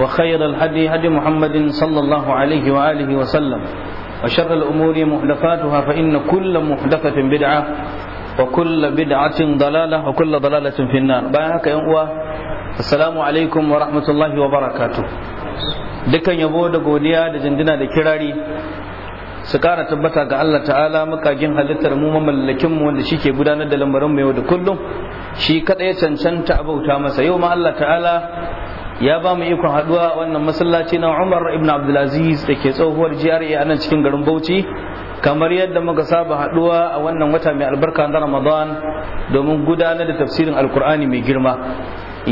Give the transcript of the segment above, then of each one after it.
وخير الهدي هدي محمد صلى الله عليه وآله وسلم وشر الأمور محدثاتها فإن كل محدثة بدعة وكل بدعة ضلالة وكل ضلالة في النار باهك يا السلام عليكم ورحمة الله وبركاته dukkan yabo da godiya da jindina da kirari su kara tabbata ga Allah ta'ala makagin halittar mu mamallakin mu wanda shike gudanar da lamarin mu yau da kullum shi kadai cancanta abauta masa yau ma Allah ta'ala ya ba mu ikon haduwa wannan masallaci na Umar ibn Abdulaziz da ke tsohuwar GRA a nan cikin garin Bauchi kamar yadda muka saba haduwa a wannan wata mai albarka na Ramadan domin gudanar da tafsirin Alkur'ani mai girma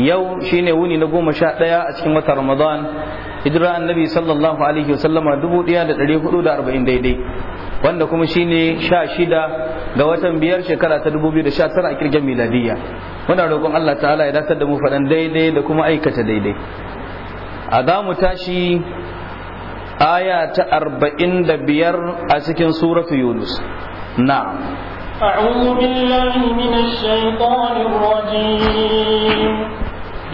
yau shine wuni na goma sha ɗaya a cikin wata ramadan hijira annabi sallallahu alaihi wasallama dubu ɗaya da ɗari hudu da arba'in daidai wanda kuma shine sha shida ga watan biyar shekara ta dubu biyu da sha tara a kirgin miladiyya muna roƙon allah ta'ala ya datar da mu faɗan daidai da kuma aikata daidai a za mu tashi aya ta arba'in da biyar a cikin suratu yunus na'am أعوذ بالله من الشيطان الرجيم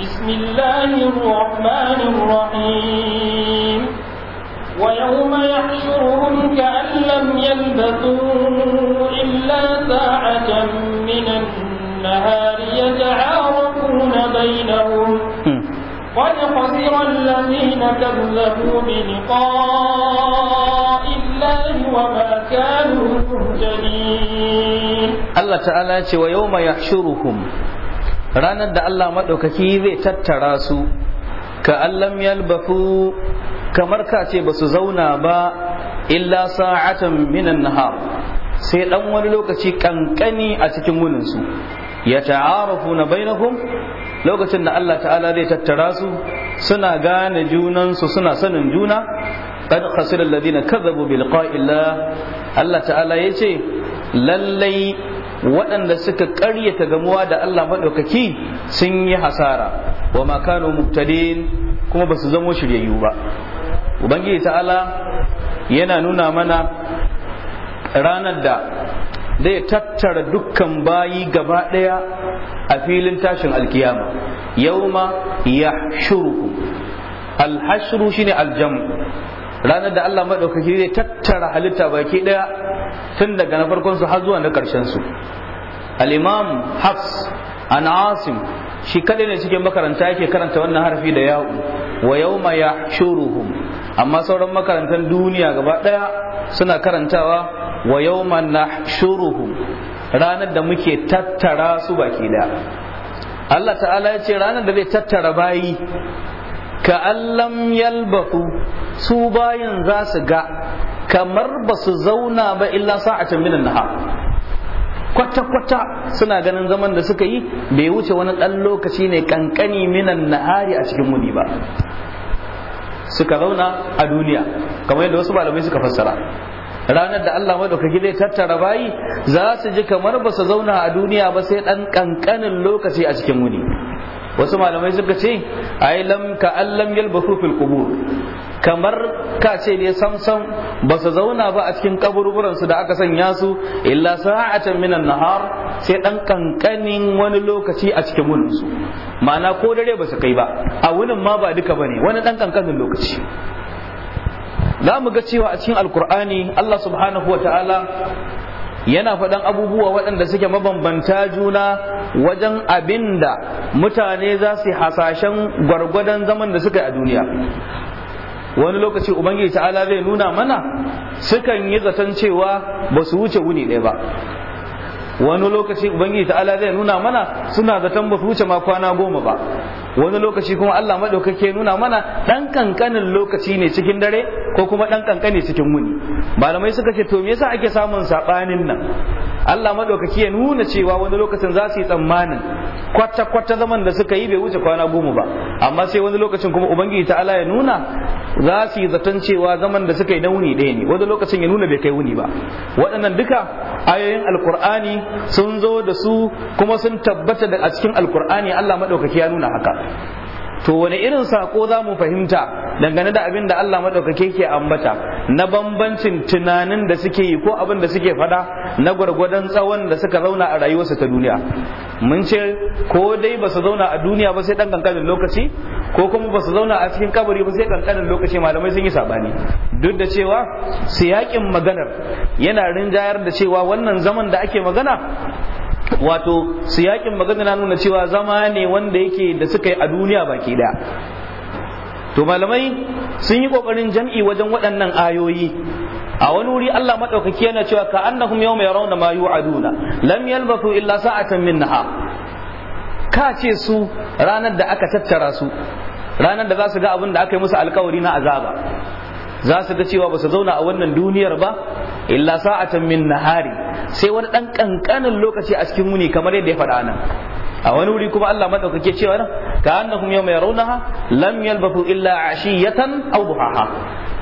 بسم الله الرحمن الرحيم ويوم يحشرهم كأن لم يلبثوا إلا ساعة من النهار يتعارفون بينهم قد خسر الذين كذبوا بلقاء الله وما كانوا مهتدين الله تعالى ويوم يحشرهم ranar da Allah maɗaukaki zai tattara su ka allam yalbafu kamar ka ce ba su zauna ba illa sa'atan minan nahar sai ɗan wani lokaci kankani a cikin wuninsu ya ta'arafu na bainakum lokacin da Allah ta'ala zai tattara su suna gane junansu suna sanin juna qad khasira alladhina kadhabu bi liqa'i Allah Allah ta'ala yace lallai waɗanda suka ƙaryata gamuwa da Allah maɗaukaki sun yi hasara wa makano muktadin kuma ba su zamo shiryayyu ba ubangiji ta'ala yana nuna mana ranar da zai tattara dukkan bayi gaba ɗaya a filin tashin alkiyama yauma ya shuruhu alhashru shine aljamu ranar da Allah maɗaukaki zai tattara halitta baki ɗaya tun daga na farkon su har zuwa na karshen su al-imam hafs an asim shi kadai ne cikin makaranta yake karanta wannan harfi da ya'u wa yawma shuruhum amma sauran makarantan duniya gaba daya suna karantawa wa yawma shuruhum ranar da muke tattara su baki daya Allah ta'ala ya ce ranar da zai tattara bayi ka allam yalbafu su bayin za su ga kamar ba su zauna ba illa sa'atan minan Naha, kwata-kwata suna ganin zaman da suka yi bai wuce wani ɗan lokaci ne kankani minan nahari a cikin muni ba suka zauna a duniya kamar yadda wasu malamai suka fassara ranar da Allah madaukaki zai tattara bayi za su ji kamar ba su zauna a duniya ba sai ɗan ƙanƙanin lokaci a cikin wuni wasu malamai suka ce ai lam ka allam yalbathu fil qubur kamar ka ce ne samsam ba su zauna ba a cikin kaburburan su da aka sanya su illa sa'atan minan nahar sai dan kankanin wani lokaci a cikin wurin su ma'ana ko dare ba su kai ba a wurin ma ba duka bane wani dan kankanin lokaci za mu ga cewa a cikin alkur'ani Allah subhanahu wa ta'ala yana faɗan abubuwa waɗanda suke mabambanta juna wajen abinda mutane za su hasashen gwargwadon zaman da suka yi a duniya wani lokaci ubangiji ta'ala zai nuna mana sukan yi zaton cewa ba su wuce wuni ɗaya ba wani lokaci ubangiji ta'ala zai nuna mana suna zaton ba su wuce ma kwana goma ba wani lokaci kuma Allah madaukake nuna mana ɗan kankanin lokaci ne cikin dare ko kuma ɗan kankane cikin wuni malamai suka ce to me yasa ake samun sabanin nan Allah madaukake ya nuna cewa wani lokacin za su yi tsammanin kwata kwata zaman da suka yi bai wuce kwana goma ba amma sai wani lokacin kuma ubangiji ta'ala ya nuna za su yi zaton cewa zaman da suka yi na wuni ɗaya ne wani lokacin ya nuna bai kai wuni ba waɗannan duka ayoyin alkur'ani sun zo da su kuma sun tabbata da a cikin alkur'ani Allah madaukake ya nuna haka to wani irin sako za mu fahimta dangane da abin da Allah maɗaukake ke ambata na bambancin tunanin da suke yi ko abin da suke fada na gwargwadon tsawon da suka zauna a rayuwarsu ta duniya mun ce ko dai ba su zauna a duniya ba sai ɗan kankanin lokaci ko kuma ba su zauna a cikin kabari ba sai kankanin lokaci malamai sun yi sabani duk da cewa siyakin maganar yana rinjayar da cewa wannan zaman da ake magana wato siyakin magana na nuna cewa zama ne wanda yake da suka yi a duniya baki daya to malamai sun yi kokarin jam'i wajen waɗannan ayoyi a wani wuri Allah madaukaki yana cewa ka annahum yawma yarawna ma yu'aduna lam yalbathu illa sa'atan min na'a. ka ce su ranar da aka tattara su ranar da za su ga abin da aka yi musu alkawari na azaba za su ga cewa ba su zauna a wannan duniyar ba illa sa'atan min nahari sai wani dan kankanin lokaci a cikin wuni kamar yadda ya faɗa nan a wani wuri kuma Allah madaukake cewa nan ka annahum yawma yarawnaha lam yalbathu illa ashiyatan aw duhaha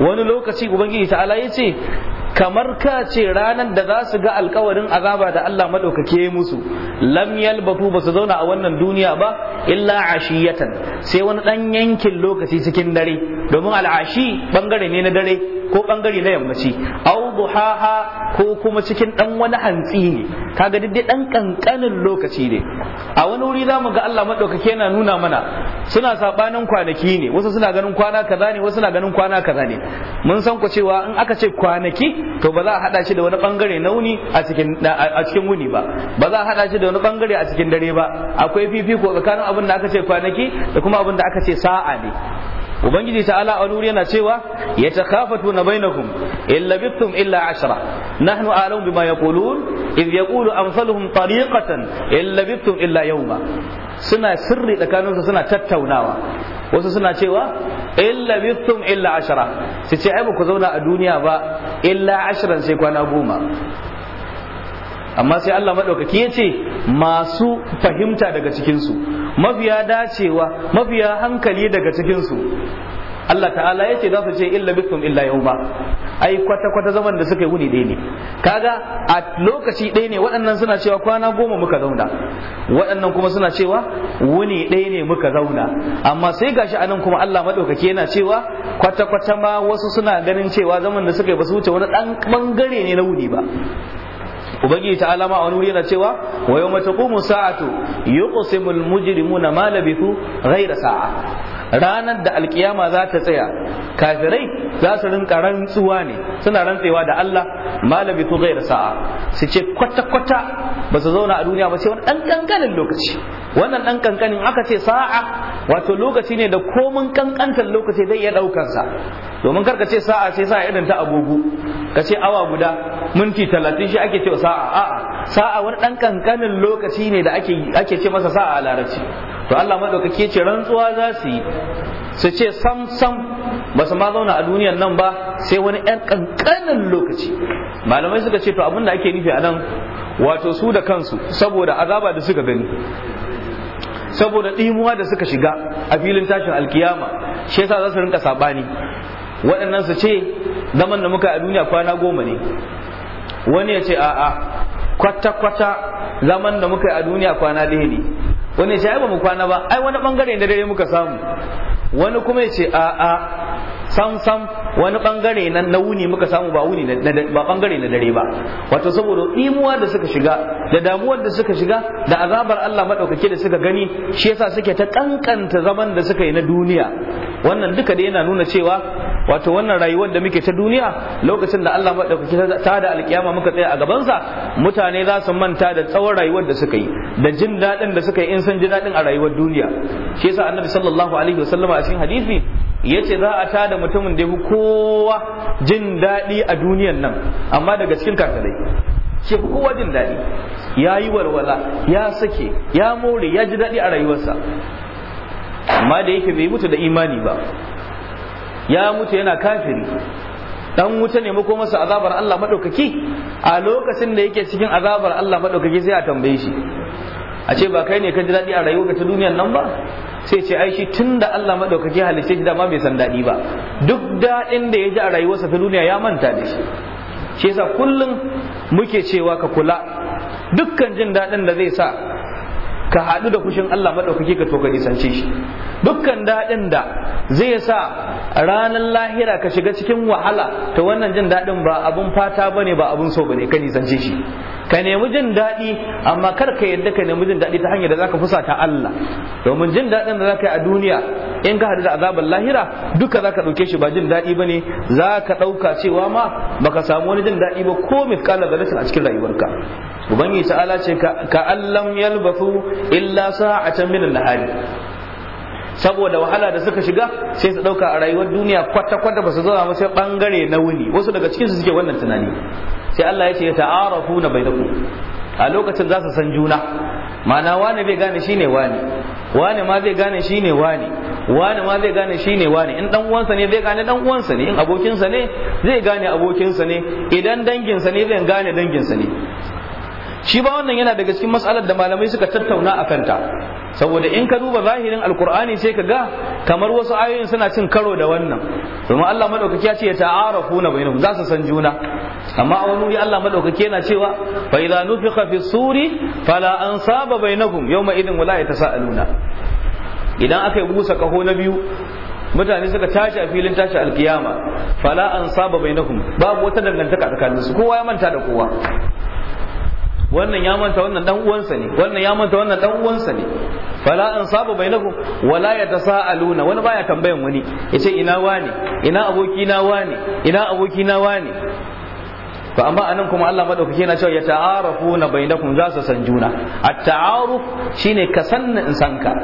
wani lokaci ubangiji ta'ala ya ce kamar ka ce ranar da za su ga alkawarin azaba da Allah maɗaukake musu lam yalbatu ba su zauna a wannan duniya ba illa ashiyatan sai wani ɗan yankin lokaci cikin dare domin al'ashi ɓangare ne na dare ko bangare na yammaci au duhaha ko kuma cikin dan wani hantsi ne kaga duk dai dan kankanin lokaci ne a wani wuri zamu ga Allah madaukake yana nuna mana suna sabanin kwanaki ne wasu suna ganin kwana kaza ne wasu suna ganin kwana kaza ne mun san ku cewa in aka ce kwanaki to ba za a hada shi da wani bangare na wuni a cikin a cikin wuni ba ba za a hada shi da wani bangare a cikin dare ba akwai fifiko tsakanin abin da aka ce kwanaki da kuma abin da aka ce sa'a ne ubangiji ta'ala a nuri yana cewa ya na bainakum illa labithtum illa ashra nahnu a'lamu bima yaqulun idh yaqulu amsaluhum tariqatan in labithtum illa yawma suna sirri tsakaninsu suna tattaunawa wasu suna cewa illa bittum illa ashara su ce ai ku zauna a duniya ba illa ashiran sai kwana goma amma sai Allah maɗaukaki ya ce masu fahimta daga cikinsu mafiya dacewa mafiya hankali daga cikinsu Allah ta'ala yake zasu za su ce illa bikum illa yawma ai kwata kwata zaman da suka yi wuni ɗaya ne kaga a lokaci ɗaya ne waɗannan suna cewa kwana goma muka zauna waɗannan kuma suna cewa wuni ɗaya ne muka zauna amma sai gashi anan kuma Allah madaukake yana cewa kwata kwata ma wasu suna ganin cewa zaman da suka yi ba wuce wani ɗan ɓangare ne na wuni ba ubangiji ta alama a wani wuri yana cewa wa yawma taqumu sa'atu yuqsimul mujrimuna ma labithu ghayra sa'a ranar da alkiyama za ta tsaya kafirai za su rinka rantsuwa ne suna rantsewa da Allah malami tu gaira sa'a su ce kwata kwata ba su zauna a duniya ba sai wani dan kankanin lokaci wannan dan kankanin aka ce sa'a wato lokaci ne da komun kankantar lokaci zai iya daukar sa domin ka ce sa'a sai sa'a irin ta agogo ka ce awa guda minti talatin shi ake cewa sa'a a'a sa'a wani dan kankanin lokaci ne da ake ake ce masa sa'a a larabci to Allah madaukake ce rantsuwa za su yi su ce sam sam ba su ma zauna a duniyan nan ba sai wani ɗan ƙanƙanin lokaci malamai suka ce to abin da ake nufi a nan wato su da kansu saboda azaba da suka gani saboda ɗimuwa da suka shiga a filin tashin alkiyama shi yasa za su rinka saɓani waɗannan su ce zaman da muka a duniya kwana goma ne wani ya ce a'a kwata-kwata zaman da muka a duniya kwana ɗaya ne wani ce ai ba mu kwana ba ai wani bangare na dare muka samu wani kuma ce a a sam sam wani bangare na na wuni muka samu ba wuni ba bangare na dare ba wato saboda imuwa da suka shiga da damuwar da suka shiga da azabar Allah madaukake da suka gani shi yasa suke ta kankanta zaman da suka yi na duniya wannan duka dai yana nuna cewa wato wannan rayuwar da muke ta duniya lokacin da Allah maɗaukaki ta da alkiyama muka tsaya a gabansa mutane za su manta da tsawon rayuwar da suka yi da jin daɗin da suka yi in san jin daɗin a rayuwar duniya shi yasa annabi sallallahu alaihi wasallama a cikin hadisi ya ce za a tada mutumin da kowa jin daɗi a duniyan nan amma daga cikin kafirai shi kowa jin daɗi ya yi walwala ya sake ya more ya ji daɗi a rayuwarsa amma da yake bai mutu da imani ba ya mutu yana kafiri dan wuta ne mako masa azabar Allah madaukaki a lokacin da yake cikin azabar Allah madaukaki sai a tambaye shi a ce ba kai ne ka ji daɗi a rayuwarka ta duniyar nan ba sai ce ai shi tunda Allah madaukaki halice shi dama bai san daɗi ba duk daɗin da ya ji a rayuwarsa ta duniya ya manta da shi shi yasa kullum muke cewa ka kula dukkan jin daɗin da zai sa ka haɗu da fushin Allah maɗaukaki ka to ka nisance shi dukkan daɗin da zai sa ranar lahira ka shiga cikin wahala ta wannan jin daɗin ba abun fata bane ba abun so bane ka nisance shi ka nemi jin daɗi amma kar ka yadda ka nemi jin daɗi ta hanyar da zaka fusata Allah domin jin daɗin da zaka yi a duniya in ka hadu da azabar lahira duka zaka ɗauke shi ba jin daɗi bane zaka ɗauka cewa ma baka samu wani jin daɗi ba ko mifkala galatin a cikin rayuwarka ubangiji ta'ala ce ka allam yalbathu illa sa'atan min al-nahari saboda wahala da suka shiga sai su dauka a rayuwar duniya kwata kwata ba su zama ba sai bangare na wuni wasu daga cikin su suke wannan tunani sai Allah ya ce ya ta'arafu na bainakum a lokacin za su san juna ma'ana wani bai gane shine wani wani ma zai gane shine wani wani ma zai gane shine wani in dan uwansa ne zai gane dan uwansa ne in abokinsa ne zai gane abokinsa ne idan danginsa ne zai gane danginsa ne shi ba wannan yana daga cikin mas'alar da malamai suka tattauna a kanta saboda in ka duba zahirin alkur'ani sai ka ga kamar wasu ayoyin suna cin karo da wannan domin Allah madaukaki ya ce ya ta'arafu na bainahum za su san juna amma a wani wuri Allah madaukaki yana cewa fa idza nufiqa fi suri fala ansaba bainakum yawma idin wala yatasaluna idan aka yi busa kaho na biyu mutane suka tashi a filin tashi alkiyama fala ansaba bainakum babu wata dangantaka tsakaninsu kowa ya manta da kowa wannan ya manta wannan dan uwansa ne wannan ya manta wannan dan uwansa ne fala ansabu bainakum wala ya yatasaaluna wani baya tambayan wani yace ina wani ina aboki na wani ina aboki na wani to amma anan kuma Allah madaukake yana cewa ya yata'arafuna bainakum za su san juna at-ta'aruf shine ka san in san ka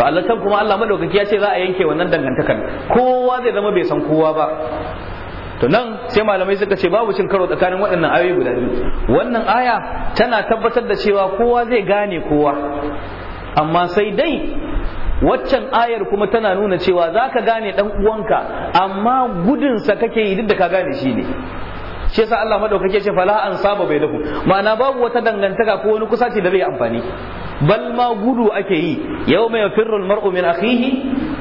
to Allah kuma Allah madaukake ya ce za a yanke wannan dangantakan kowa zai zama bai san kowa ba to nan sai malamai suka ce babu cin karo tsakanin waɗannan ayoyi guda biyu wannan aya tana tabbatar da cewa kowa zai gane kowa amma sai dai waccan ayar kuma tana nuna cewa za ka gane ɗan uwanka amma gudunsa kake yi duk da ka gane shi ne shi yasa Allah madaukake ce fala an saba bai dafu. ma'ana babu wata dangantaka ko wani kusa kusaci da zai amfani bal ma gudu ake yi yau mai firrul mar'u min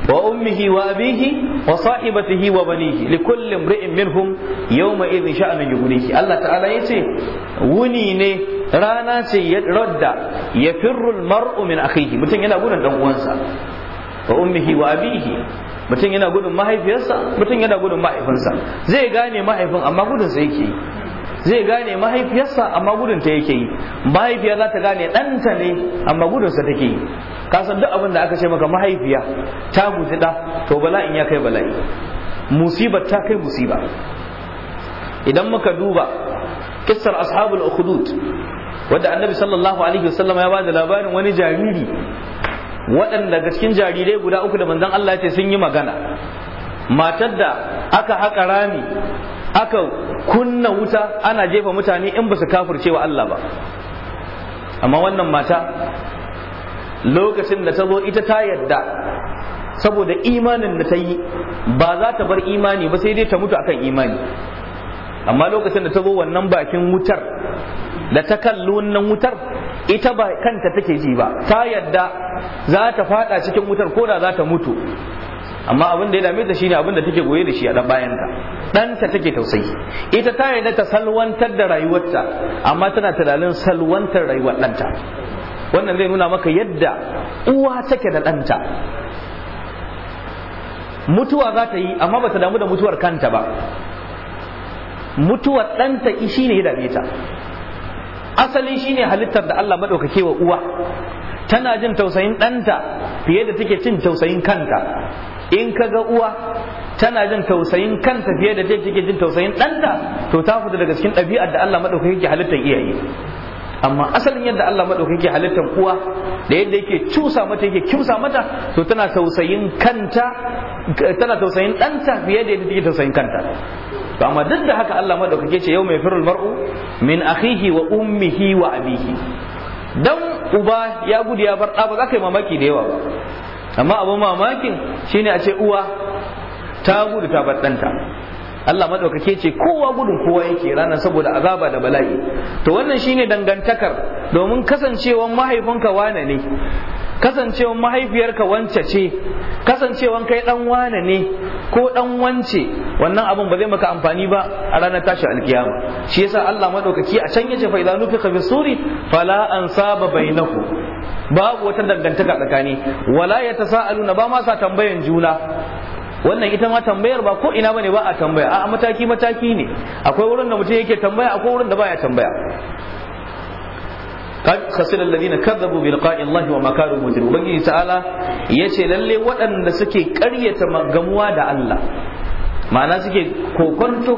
وأمه وأبيه وصاحبته وبنيه لكل امرئ منهم يومئذ شأن يغنيه الله تعالى يتي ونيني رانا رد يفر المرء من أخيه متين ينا قولن دنوانسا وأمه وأبيه mutum yana gudun mahaifiyarsa mutum yana gudun mahaifinsa zai gane mahaifin amma gudun sai yake zai gane mahaifiyarsa amma gudun ta yake yi mahaifiya za ta gane ɗanta ne amma gudunsa take yi Kasan duk abin da aka ce maka mahaifiya ta guji da, to bala'in ya kai bala'i musibar ta kai musiba idan muka duba kissar ashabul ukhdud wanda annabi sallallahu alaihi wasallam ya bada labarin wani jariri waɗanda daga cikin jarirai guda uku da manzon Allah ya ce sun yi magana matar da aka haƙa rami aka kunna wuta ana jefa mutane in ba su kafirce wa Allah ba amma wannan mata lokacin da ta zo ita ta yadda saboda imanin da ta yi ba za ta bar imani ba sai dai ta mutu akan imani amma lokacin da ta zo wannan bakin wutar da ta kalli wannan wutar ita ba kanta take ji ba ta yadda za ta fada cikin wutar ko da za ta mutu amma abin da ya dame ta shine abin da take goye da shi a dan bayan ta danta take tausayi ita ta yarda ta salwantar da rayuwarta amma tana tunanin salwantar rayuwar ɗanta. wannan zai nuna maka yadda uwa take da ɗanta. mutuwa za ta yi amma ba ta damu da mutuwar kanta ba mutuwar ɗanta shi ne ya dame ta asali shi ne halittar da Allah maɗaukake wa uwa tana jin tausayin ɗanta fiye da take cin tausayin kanta in ka ga uwa tana jin tausayin kanta fiye da take jin tausayin ɗanta to ta fita daga cikin ɗabi'ar da Allah maɗaukaki ke halittar iyaye amma asalin yadda Allah yake halittar uwa da yadda yake cusa mata yake kimsa mata to tana tausayin kanta tana tausayin ɗanta fiye da yadda take tausayin kanta to amma duk da haka Allah maɗaukaki ce yau mai firul mar'u min akhihi wa ummihi wa abihi dan uba ya gudu ya bar ɗa ba za ka yi mamaki da yawa ba amma abin mamakin shine a ce uwa ta gudu ta bar Allah maɗaukake ce kowa gudun kowa yake ranar saboda azaba da bala'i to wannan shine dangantakar domin kasancewan mahaifinka wane ne kasancewan mahaifiyarka wance ce kasancewan kai dan wane ne ko dan wance wannan abin ba zai maka amfani ba a ranar tashi alkiyama shi yasa Allah maɗaukaki a can yace fa idanu fi khabisuri fala ansaba bainakum babu wata dangantaka tsakani wala ya na ba ma sa tambayan juna wannan ita ma tambayar ba ko ina bane ba a tambaya a mataki mataki ne akwai wurin da mutum yake tambaya akwai wurin da baya tambaya قد خسر الذين كذبوا بلقاء الله wa makaru مجرمين ubangiji ta'ala yace lalle waɗanda suke ƙaryata gamuwa da Allah ma'ana suke kokonto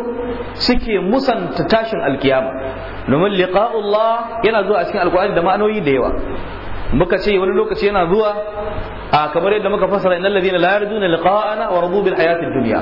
suke musanta tashin alkiyama domin liqa'ullah yana zuwa a cikin alkur'ani da ma'anoyi da yawa muka ce wani lokaci yana zuwa a kamar yadda muka fasara innal ladina la yarduna liqa'ana wa radu bil hayatid dunya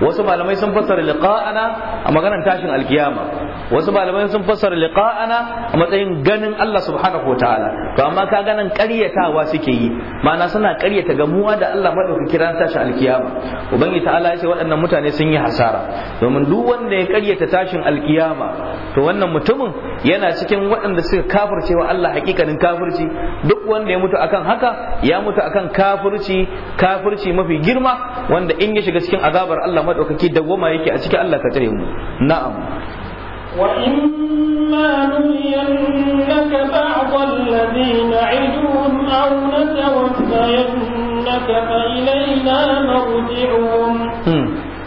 wasu malamai sun fasara liqa'ana a maganar tashin alkiyama wasu malamai sun fassara liqa'ana a matsayin ganin Allah subhanahu wata'ala ta'ala to amma ka ganin ƙaryatawa suke yi ma'ana suna ƙaryata gamuwa da Allah madaukaki kiran tashi alkiyama ubangi ta'ala ya ce waɗannan mutane sun yi hasara domin duk wanda ya ƙaryata tashin alkiyama to wannan mutumin yana cikin waɗanda suka kafirce wa Allah hakikanin kafirci duk wanda ya mutu akan haka ya mutu akan kafirci kafirci mafi girma wanda in ya shiga cikin azabar Allah madaukaki dawwama yake a cikin Allah ka tare mu na'am وإما نرينك بعض الذي نعدهم أو نتوفينك فإلينا مرجعهم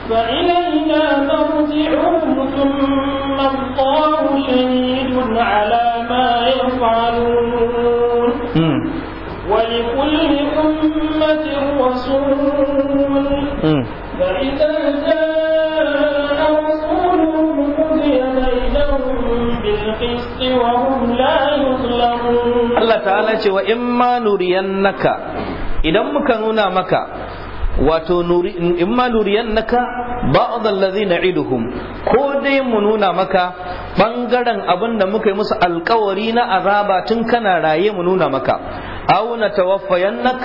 فإلينا مرجعهم ثم الله شهيد على ما يفعلون ولكل أمة رسول فإذا allah ta'ala ce wa in ma nuriyannaka idan muka nuna maka wato in ma nuriyannaka ba'd allazina iduhum ko dai mu nuna maka bangaren abin da muka yi musu alkawari na azaba tun kana raye mu nuna maka aw na tawaffayannak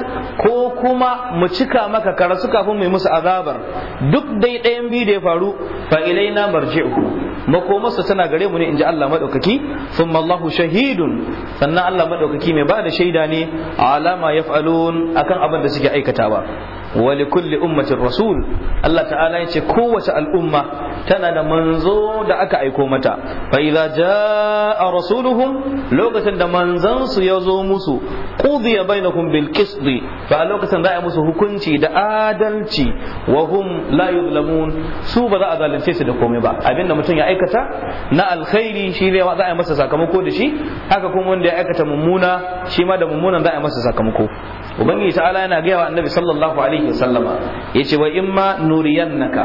ko kuma mu cika maka karasu kafin mu yi musu azabar duk dai ɗayan biyu da ya faru fa ilaina marji'u makomarsa tana gare mu ne in ji Allah madaukaki thumma Allahu shahidun sannan Allah madaukaki mai bada shaida ne a alama yaf'alun akan abin da suke aikatawa wa likulli ummatin rasul Allah ta'ala ya ce kowace al'umma tana da manzo da aka aiko mata fa idza jaa rasuluhum lokacin da manzansu ya zo musu qudiya bainakum bil qist fa lokacin za a musu hukunci da adalci wa hum la yuzlamun su ba za a zalunce su da komai ba abinda mutum ya aikata na alkhairi shi ne za a yi masa sakamako da shi haka kuma wanda ya aikata mummuna shi ma da mummunan za a yi masa sakamako ubangiji ta'ala yana gaya wa annabi sallallahu alaihi wasallama yace wa imma nuriyannaka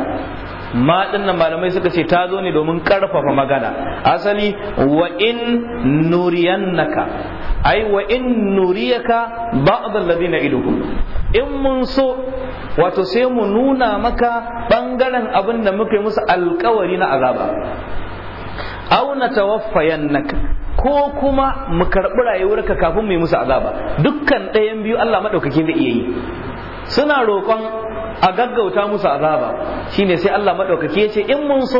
ma dinnan malamai suka ce ta zo ne domin karfafa magana asali wa in nuriyannaka ai wa in nuriyaka ba'd alladhina idukum in mun so wato sai mu nuna maka bangaren abin da muka yi musu alkawari na azaba aw natawaffayannaka ko kuma mu karɓi rayuwarka kafin mu yi musu azaba dukkan ɗayan biyu Allah maɗaukaki zai iya yi suna roƙon a gaggauta musu azaba shine sai Allah maɗaukaki ya ce in mun so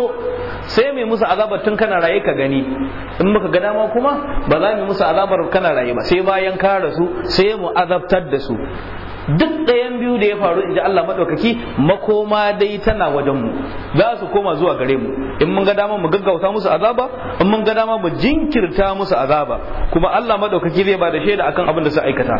sai mai musu azabar tun kana raye ka gani in muka ga dama kuma ba za mu musu azabar kana raye ba sai bayan ka rasu sai mu azabtar da su duk ɗayan biyu da ya faru in ji Allah maɗaukaki makoma dai tana wajen mu za su koma zuwa gare mu in mun ga dama mu gaggauta musu azaba in mun ga dama mu jinkirta musu azaba kuma Allah maɗaukaki zai ba da shaida akan abin da suka aikata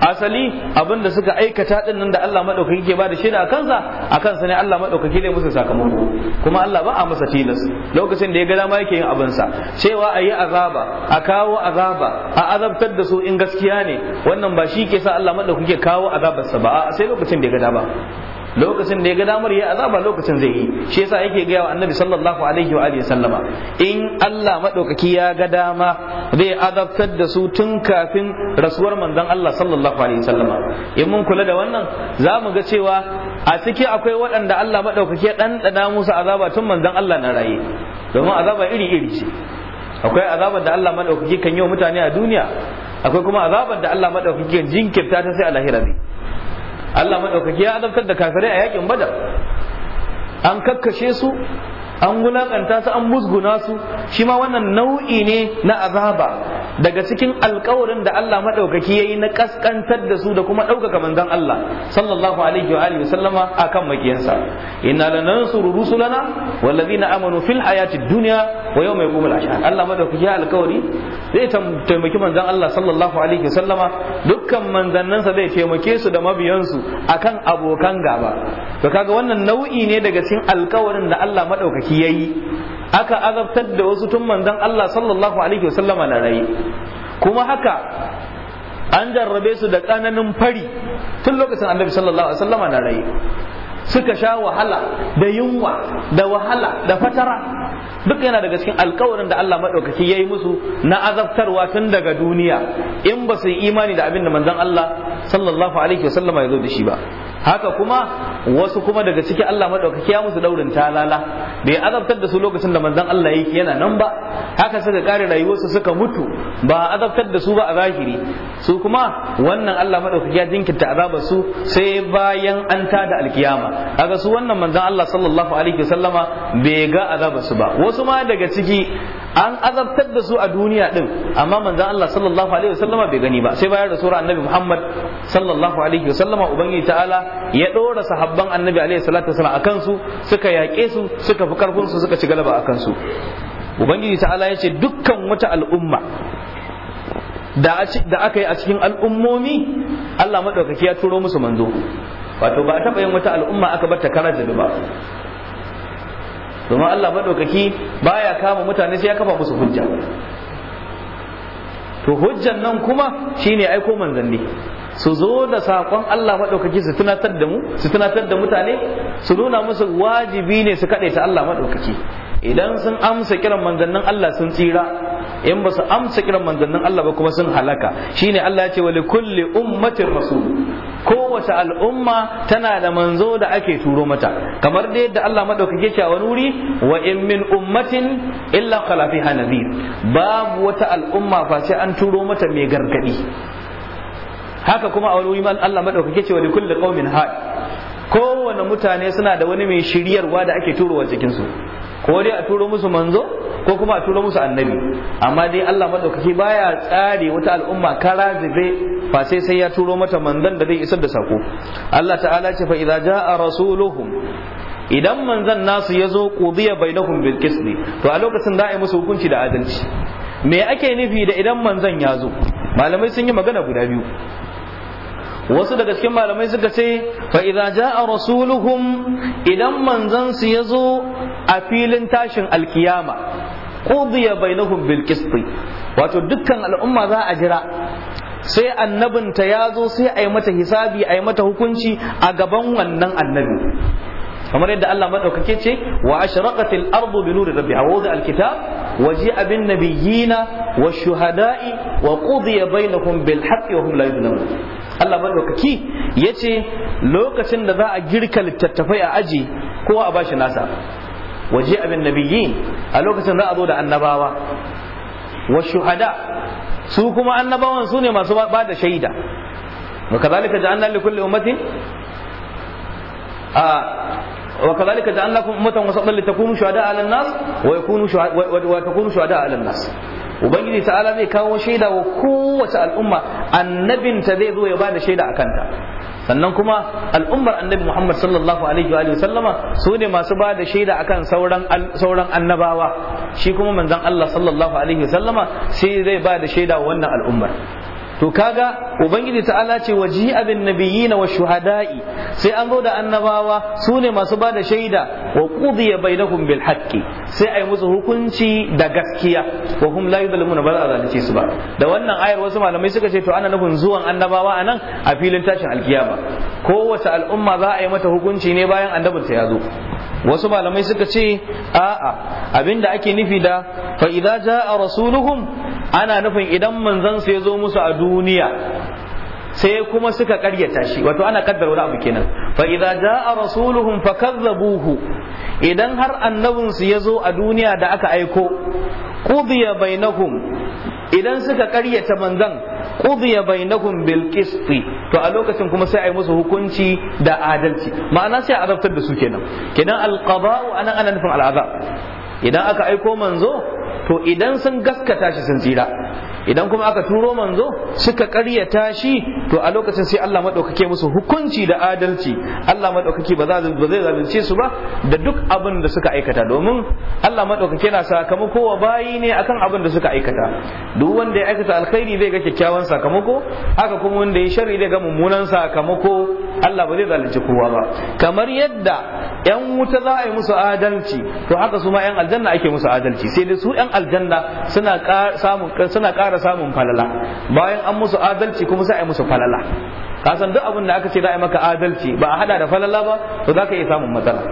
asali abin da suka aikata din nan da Allah maɗaukaki ke ba da shaida akan sa akan sa ne Allah maɗaukaki zai musu sakamako kuma Allah ba a masa tilas lokacin da ya ga dama yake yin abin sa cewa a yi azaba a kawo azaba a azabtar da su in gaskiya ne wannan ba shi ke sa Allah maɗaukaki kawo azabarsa ba sai lokacin da ya ga dama lokacin da ya ga damar ya azaba lokacin zai yi shi yasa yake gaya wa annabi sallallahu alaihi wa alihi sallama in Allah madaukaki ya ga dama zai azabtar da su tun kafin rasuwar manzon Allah sallallahu alaihi sallama in mun kula da wannan za mu ga cewa a ciki akwai waɗanda Allah madaukaki ya ɗanɗana musu azaba tun manzon Allah na raye domin azaba iri iri ce akwai azabar da Allah madaukaki kan yi wa mutane a duniya akwai kuma azabar da Allah madaukaki kan jinkirta ta sai a lahira ne Allah maɗaukaki ya azabtar da kafirai a yakin badar an kakkashe su an wulakanta su an musguna su shi ma wannan nau'i ne na azaba daga cikin alkawarin da Allah maɗaukaki ya yi na ƙasƙantar da su da kuma ɗaukaka manzon Allah sallallahu alaihi wa alihi sallama akan makiyansa inna lanansuru rusulana wallazina amanu fil hayatid dunya wa yawma yaqumul ashhad Allah maɗaukaki ya alkawari zai taimaki manzon Allah sallallahu alaihi wa sallama dukkan manzannansa zai taimake su da mabiyansu akan abokan gaba to kaga wannan nau'i ne daga cikin alkawarin da Allah maɗaukaki yayi aka azabtar da wasu tun manzon Allah sallallahu alaihi wasallama na kuma haka an jarrabe su da tsananin fari tun lokacin annabi sallallahu alaihi wasallama na suka sha wahala da yunwa da wahala da fatara duk yana daga cikin alkawarin da Allah maɗaukaki ya yi musu na azabtarwa tun daga duniya in ba su yi imani da abin da manzon Allah sallallahu alaihi wasallama ya zo da shi ba haka kuma wasu kuma daga ciki Allah madaukaki ya musu daurin talala bai azabtar da su lokacin da manzon Allah yake yana nan ba haka suka kare rayuwarsu suka mutu ba azabtar da su ba a zahiri su kuma wannan Allah madaukaki ya jinkirta azabar su sai bayan an tada alkiyama kaga su wannan manzon Allah sallallahu alaihi wasallama bai ga azabar su ba wasu ma daga ciki an azabtar da su a duniya din amma manzo Allah sallallahu alaihi wasallama bai gani ba sai bayan sura annabi Muhammad sallallahu alaihi wasallama ubangiji ta'ala ya dora sahabban annabi alaihi salatu wasallam akan su suka yaƙe su suka fi karfin su suka ci galaba akan su ubangiji ta'ala ya ce dukkan wata al'umma da aka yi a cikin al'ummomi Allah madaukaki ya turo musu manzo wato ba a taɓa yin wata al'umma aka bar ta karaje ba domin Allah maɗaukaki baya kama mutane sai ya kafa musu hujja to hujjan nan kuma shine aiko manzanni su zo da saƙon Allah maɗaukaki su tunatar da mu su tunatar da mutane su nuna musu wajibi ne su kaɗe ta Allah maɗaukaki idan sun amsa kiran manzannin Allah sun tsira in ba su amsa kiran manzannin Allah ba kuma sun halaka shine Allah ya ce wa kulli ummatin rasul kowace al'umma tana da manzo da ake turo mata kamar dai yadda Allah madaukake ce a wani wuri wa in min ummatin illa qala fiha babu wata al'umma face an turo mata mai gargadi haka kuma a wani wuri Allah madaukake ce wa kulli qaumin had kowane mutane suna da wani mai shiryarwa da ake turowa cikinsu ko dai a turo musu manzo ko kuma a turo musu annabi amma dai Allah madaukake baya tsare wata al'umma kara zube fa sai sai ya turo mata manzon da zai isar da sako Allah ta'ala ce fa idza jaa rasuluhum idan manzon nasu ya zo qudiya bainahum bil qisti to a lokacin da ai musu hukunci da adalci me ake nufi da idan manzon ya zo malamai sun yi magana guda biyu wasu daga cikin malamai suka ce fa idza jaa rasuluhum idan manzon su ya zo a filin tashin alkiyama qudiya bainahum bil qisti wato dukkan al'umma za a jira sai annabinta ya zo sai a yi mata hisabi a yi mata hukunci a gaban wannan annabi kamar yadda Allah madaukake ce wa ashraqatil ardu bi nuri rabbiha wa wudi alkitab wa ji'a bin nabiyyina wa shuhada'i wa qudiya bainahum bil haqqi wa hum la yuzlamun Allah madaukaki yace lokacin da za a girka littattafai a aji kowa a bashi nasa Waje ji'a bin a lokacin za a zo da annabawa a shuhada su kuma annabawan su ne masu ba da shaida wa kadhalika ja'alna li kulli ummatin a wa kadhalika ja'alnakum ummatan wasatan litakunu shuhada 'ala an-nas wa ubangiji ta'ala zai kawo shaida wa kowace al'umma annabinta zai zo ya ba da shaida a kanta sannan kuma al'ummar annabi Muhammad sallallahu alaihi wa sallama su ne masu ba da shaida akan sauran annabawa shi kuma manzon Allah sallallahu alaihi wa sallama sai zai ba da shaida wa wannan al'ummar to kaga ubangiji ta'ala ce wajihi abin na wa shuhada'i sai an zo da annabawa su ne masu ba da shaida wa bai bainakum bil haqqi sai yi musu hukunci da gaskiya wa hum la yudlamuna ba za a zalunce su ba da wannan ayar wasu malamai suka ce to ana nufin zuwan annabawa a nan a filin tashin alkiyama kowace al'umma za a yi mata hukunci ne bayan annabinta ya zo wasu malamai suka ce a'a abinda ake nufi da fa idza jaa rasuluhum ana nufin idan manzansu ya zo musu a duniya sai kuma suka karyata shi wato ana kaddara wani abu kenan fa idza jaa rasuluhum fakazzabuhu idan har annabin su zo a duniya da aka aiko qudiya bainahum idan suka karyata manzan qudiya bainahum bil qisti to a lokacin kuma sai ai musu hukunci da adalci ma'ana sai a azabtar da su kenan kenan al qada'u anan ana nufin al azab idan aka aiko manzo to idan sun gaskata shi sun tsira idan kuma aka turo manzo suka ƙaryata shi to a lokacin sai Allah maɗaukake musu hukunci da adalci Allah maɗaukake ba zai zalunce su ba da duk abin da suka aikata domin Allah maɗaukake na sakamako wa bayi ne akan abin da suka aikata duk wanda ya aikata alkhairi zai ga kyakkyawan sakamako haka kuma wanda ya sharri zai ga mummunan sakamako Allah ba zai zalunce kowa ba kamar yadda yan wuta za a yi musu adalci to haka su ma yan aljanna ake musu adalci sai dai su yan aljanna suna suna samun falala bayan an musu adalci kuma sai a musu falala ka san duk abin da aka ce za a yi maka adalci ba a hada da falala ba to za ka iya samun matsala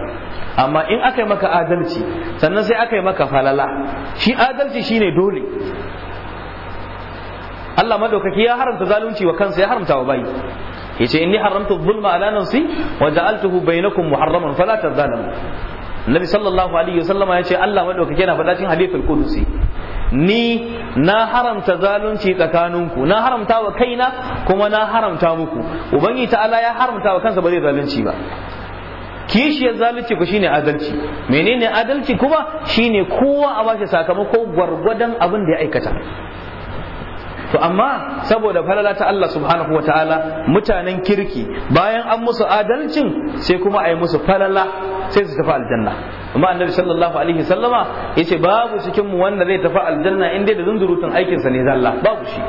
amma in aka yi maka adalci sannan sai aka yi maka falala shi adalci shine dole Allah madaukaki ya haramta zalunci wa kansa ya haramta wa bayi yace inni haramtu zulma ala nafsi wa ja'altuhu bainakum muharraman fala tazalamu Nabi sallallahu alaihi ya ce Allah madaukaki yana faɗa cikin hadithul qudusi ni na haramta zalunci tsakaninku na haramta wa kaina kuma na haramta muku ubangiji ta'ala ya haramta wa kansa ba zai zalunci ba kishiyar zalunci ku shine adalci menene adalci kuma shine kowa a bashi sakamako gwargwadon abin da ya aikata to amma saboda falala ta Allah subhanahu wa ta'ala mutanen kirki bayan an musu adalcin sai kuma a yi musu falala sai su tafi aljanna amma annabi sallallahu alaihi sallama yace babu cikin mu wanda zai tafi aljanna in dai da zunzurutun aikin sa ne zalla babu shi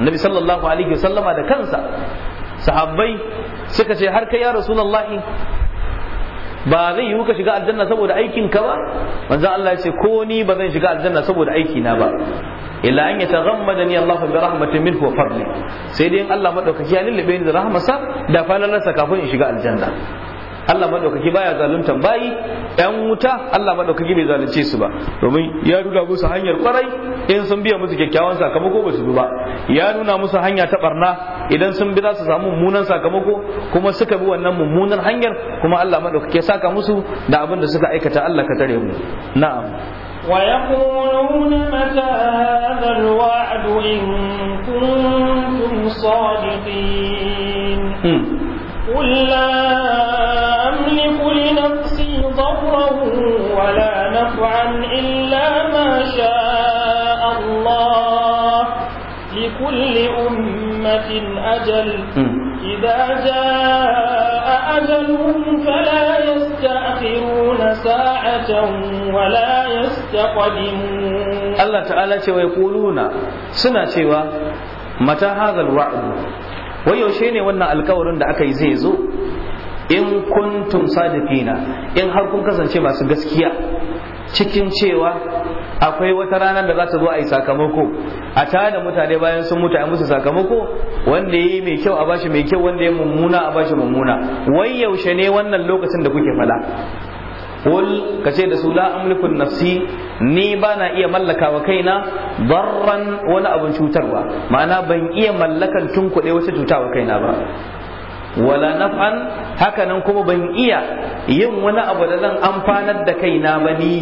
annabi sallallahu alaihi sallama da kansa sahabbai suka ce har kai ya rasulullahi ba zai yiwu ka shiga aljanna saboda aikin ka ba manzo Allah ya ce ko ni ba zan shiga aljanna saboda aiki na ba illa an yataghammadani Allah bi rahmatin minhu wa fadli sai dai Allah madaukaki ya lullube ni da rahmarsa da falalarsa kafin in shiga aljanna Allah madaukaki baya zaluntan bayi yan wuta Allah madaukaki bai zalunce su ba domin ya nuna musu hanyar kwarai in sun biya musu kyakkyawan sakamako ba su ba ya nuna musu hanya ta barna idan sun bi za su samu mummunan sakamako kuma suka bi wannan mummunan hanyar kuma Allah madaukaki ya saka musu da abin da suka aikata Allah ka tare mu na'am ويقولون متى هذا الوعد إن كنتم صادقين قل لا أملك لنفسي ضرا ولا نفعا إلا ما شاء الله لكل أمة أجل إذا جاء أجلهم فلا يستأخرون ساعة ولا يستقدمون الله تعالى ويقولون سنة متى هذا الوعد wai yaushe ne wannan alkawarin da aka yi zai zo in kuntum sadiqina in har kun kasance masu gaskiya cikin cewa akwai wata rana da za ta zo a yi sakamako a da mutane bayan sun mutu a musu sakamako wanda ya yi mai kyau a bashi mai kyau wanda ya mummuna a bashi mummuna wai yaushe ne wannan lokacin da kuke fada qul kace da su la amliku nafsi ni bana iya mallakawa kaina darran wani abin cutarwa ma'ana ban iya mallakan tunkuɗe wata cuta wa kaina ba wala naf'an hakanan kuma ban iya yin wani abu da zan amfanar da kaina ba ni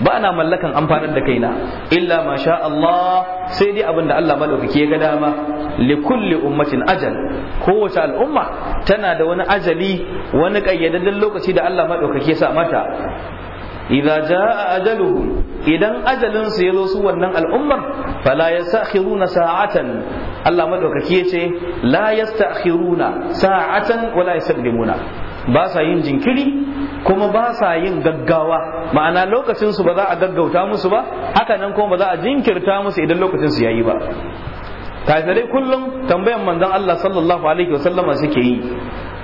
ba na mallakan amfanar da kaina illa ma sha Allah sai dai abin da Allah madaukaki ya ga dama li kulli ummatin ajal kowace al'umma tana da wani ajali wani kayyadadden lokaci da Allah madaukaki ya sa mata idza jaa ajaluhum idan ajalin su yazo su wannan al'ummar fala yasakhiruna sa'atan Allah madaukaki ya ce la yastakhiruna sa'atan wala yastablimuna ba sa yin jinkiri kuma ba sa yin gaggawa ma'ana lokacin su ba za a gaggauta musu ba haka nan kuma ba za a jinkirta musu idan lokacin su yayi ba dai kullum tambayan manzon Allah sallallahu alaihi wasallama suke yi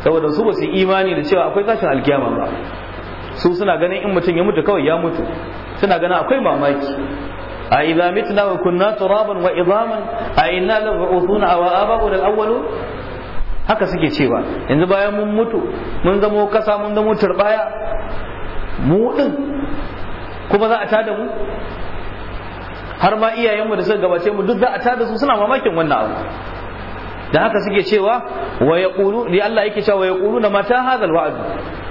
saboda su ba su imani da cewa akwai tashin alkiyama ba su suna ganin in mutum ya mutu kawai ya mutu suna ganin akwai mamaki a idza mitna wa kunna turaban wa idaman a inna la ba'uthuna aw aba'u al-awwalun haka suke cewa yanzu bayan mun mutu mun zamo kasa mun zamo turbaya mu din kuma za a tada mu har ma iyayenmu da suka gabace mu duk za a tada su suna mamakin wannan abu da haka suke cewa wa yaqulu li Allah yake cewa wa na mata hadal wa'd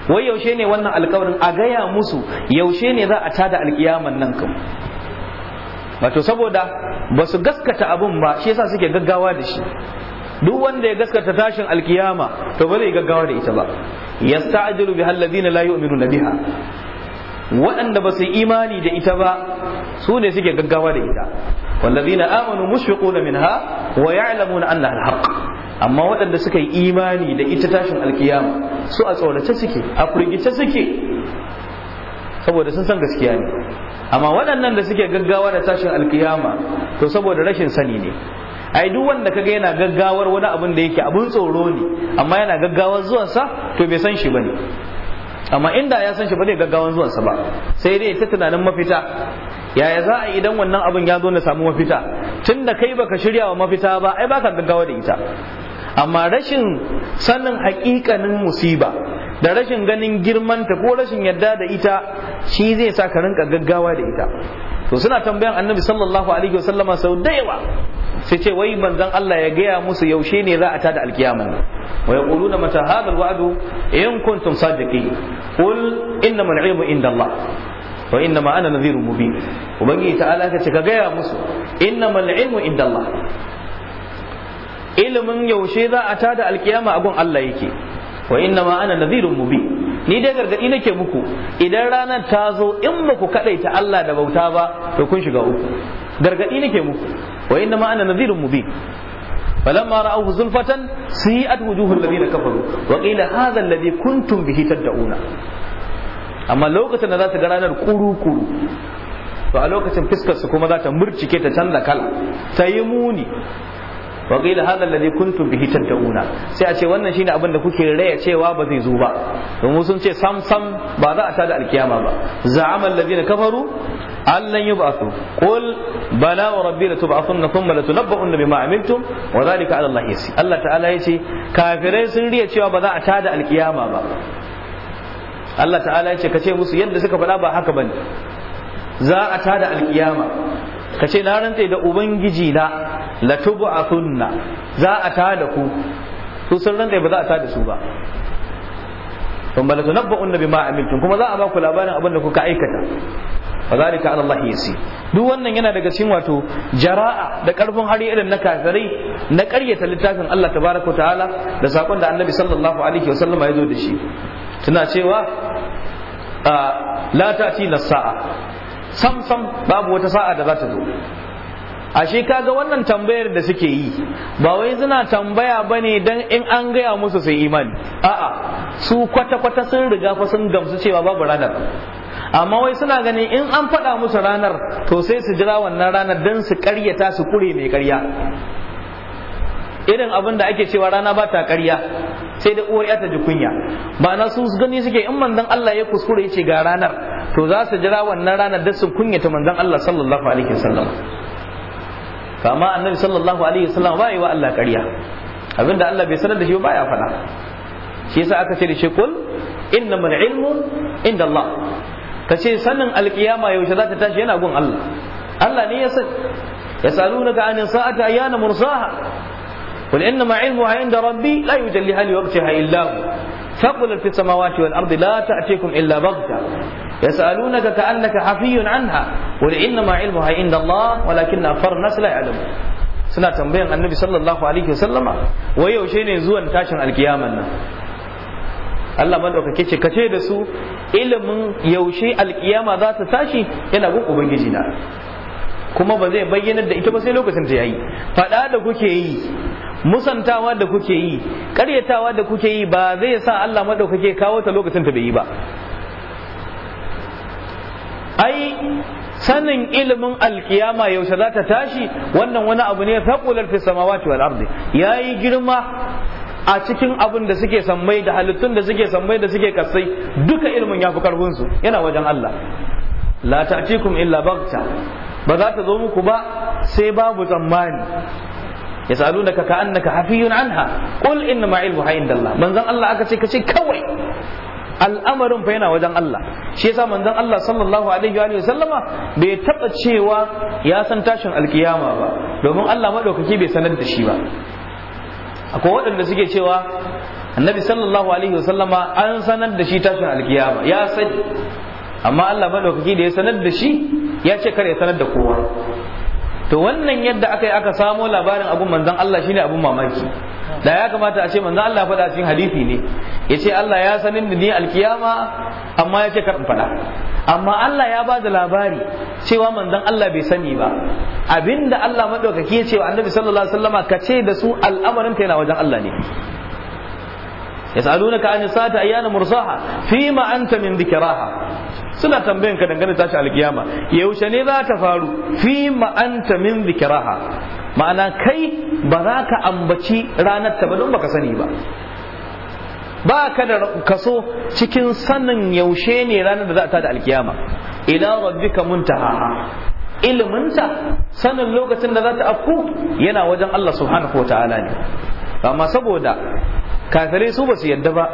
wai yaushe ne wannan alƙawarin a gaya musu yaushe ne za a tada alƙiyaman nan kan wato saboda ba su gaskata abun ba shi yasa suke gaggawa da shi duk wanda ya gaskata tashin alkiyama to ba zai gaggawa da ita ba yasta'jilu bi alladhina la yu'minuna biha waɗanda ba su yi imani da ita ba su ne suke gaggawa da ita walladhina amanu mushfiquna minha wa ya'lamuna annaha alhaq amma waɗanda suka yi imani da ita tashin alkiyama su a tsorace suke a firgice suke saboda sun san gaskiya ne amma waɗannan da suke gaggawa da tashin alkiyama to saboda rashin sani ne ai duk wanda kaga yana gaggawar wani abin da yake abun tsoro ne amma yana gaggawar sa to bai san shi bane amma inda ya san shi ba zai gaggawan sa ba sai dai ta tunanin mafita yaya za a idan wannan abun ya zo na samu mafita tunda kai baka shirya wa mafita ba ai baka gaggawa da ita amma rashin sanin hakikanin musiba da rashin ganin girmanta ko rashin yarda da ita shi zai sa ka rinka gaggawa da ita to suna tambayan annabi sallallahu alaihi wasallama sau da yawa sai ce wai manzon Allah ya gaya musu yaushe ne za a tada alkiyama wa yaquluna mata hadha alwa'du in kuntum sadiqin qul innama al'ilmu inda Allah wa ma ana nadhirun mubin ubangiji ta'ala ka ce ka gaya musu innama al'ilmu inda Allah ilimin yaushe za a tada alkiyama a gun Allah yake wa inna ma ana nadhirun mubi ni dai gargadi nake muku idan ranar ta zo in ba ku ta Allah da bauta ba to kun shiga uku gargadi nake muku wa inna ma ana nadhirun mubi فلما رأوه زلفة سيئت وجوه الذين كفروا وقيل هذا الذي كنتم به تدعون amma lokacin da za su ga ranar kuru-kuru to a lokacin fiskar su kuma za ta murcike ta canza kala ta yi muni wa qila hadha alladhi kuntum bihi tad'una sai a ce wannan shine abin da kuke raya cewa ba zai zo ba domin sun ce sam sam ba za a da alkiyama ba za'ama alladhina kafaru allan yub'athu qul bala wa rabbi latub'athunna thumma latunabba'unna bima amiltum wa dhalika 'ala Allah yasir Allah ta'ala yace kafirai sun riya cewa ba za a da alkiyama ba Allah ta'ala yace kace musu yadda suka faɗa ba haka bane za a tada alkiyama ce na rantse da ubangiji na latub'athunna za a tada ku su sun rantsa ba za a tada su ba ثم bi ma amintun kuma za a baku labarin abin da kuka aikata fadhalika ala Allah yasi duk wannan yana daga cikin wato jara'a da karfin hari irin na kafirai na karyata littafin Allah tabaraka ta'ala da sakon da Annabi sallallahu alaihi wasallam ya zo da shi tana cewa ah, la ta'ti sa'a sam sam babu wata sa'a da za ta zo ashe kaga wannan tambayar da suke yi ba wai suna tambaya bane dan in an gaya musu suyi imani a'a su kwata kwata sun riga fa sun gamsu cewa babu ranar amma wai suna ganin in an faɗa musu ranar to sai su jira wannan ranar dan su ƙaryata su kure mai ƙarya irin abin da ake cewa rana ba ta ƙarya sai da uwar ta ji kunya ba na su gani suke in manzon Allah ya kuskure ya ce ga ranar to za su jira wannan ranar da su kunyata manzon Allah sallallahu alaihi wasallam kama annabi sallallahu alaihi wasallam ba yi wa Allah ƙarya abinda Allah bai sanar da shi ba ya faɗa shi yasa aka ce da shi kul innamal ilmu inda Allah ka sanin alkiyama yaushe za ta tashi yana gun Allah Allah ne ya san yasalunaka an sa'ata ayyana mursaha قل إنما علمها عند ربي لا يجليها لوقتها إلا هو فقلت في السماوات والأرض لا تأتيكم إلا بغتة يسألونك كأنك حفي عنها قل إنما علمها عند الله ولكن أكثر الناس لا يعلمون suna tambayan annabi sallallahu alaihi wasallama wai yaushe ne zuwan tashin alkiyaman nan Allah ke ce kace da su ilimin yaushe alkiyama za ta tashi yana gun ubangiji na kuma ba zai bayyana da ita ba sai lokacin ta yayi fada da kuke yi musantawa da kuke yi karyatawa da kuke yi ba zai sa Allah ke kawo ta lokacin ta bai yi ba ai sanin ilimin alkiyama yaushe za ta tashi wannan wani abu ne faqular fi samawati wal ardi yayi girma a cikin abin da suke sammai da halittun da suke sammai da suke kasai duka ilimin yafi karfin su yana wajen Allah la ta'tikum illa baghta ba za ta zo muku ba sai babu tsammani yasalunaka ka annaka hafiyun anha qul inna ma ilmu inda Allah manzon Allah aka ce kace kawai al'amarin fa yana wajen Allah shi yasa manzon Allah sallallahu alaihi wa sallama bai taba cewa ya san tashin alkiyama ba domin Allah madaukaki bai sanar da shi ba akwai waɗanda suke cewa annabi sallallahu alaihi wa sallama an sanar da shi tashin alkiyama ya sani amma Allah madaukaki da ya sanar da shi ya ce kar ya sanar da kowa to wannan yadda aka yi aka samo labarin abun manzon Allah shine abun mamaki da ya kamata a ce manzon Allah faɗa cikin hadisi ne yace Allah ya sanin da ni alkiyama amma yace kar in faɗa amma Allah ya bada labari cewa manzon Allah bai sani ba abinda Allah madaukaki ya cewa wa Annabi sallallahu alaihi wasallam ka ce da su al'amarin ta yana wajen Allah ne yas'alunaka an sa'ati ayyana mursaha fima anta min dhikraha suna tambayan ka dangane tashi alkiyama yaushe ne za ta faru fi ma'anta min zikiraha ma'ana kai ba za ka ambaci ranar ta ba don baka sani ba ba ka da kaso cikin sanin yaushe ne ranar da za ta da alkiyama ila rabbika muntaha iliminta sanin lokacin da za ta afku yana wajen Allah subhanahu wa ta'ala ne amma saboda kafirai su ba su yadda ba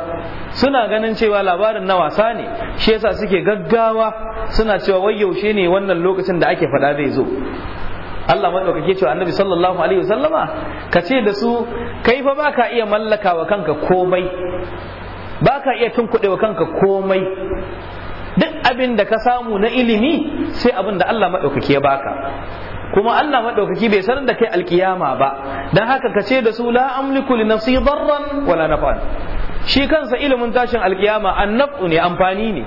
suna ganin cewa labarin na wasa ne shi yasa suke gaggawa suna cewa wai yaushe ne wannan lokacin da ake faɗa zai zo Allah maɗaukake cewa annabi sallallahu alaihi wasallama ka ce da su kai fa baka iya mallaka wa kanka komai baka iya tunkuɗe wa kanka komai duk abin da ka samu na ilimi sai abin da Allah maɗaukake ya baka kuma Allah maɗaukaki bai sanar da kai alkiyama ba Don haka ka ce da su la amliku li nafsi darran wala naf'an shi kansa ilimin tashin alkiyama annaf'u ne amfani ne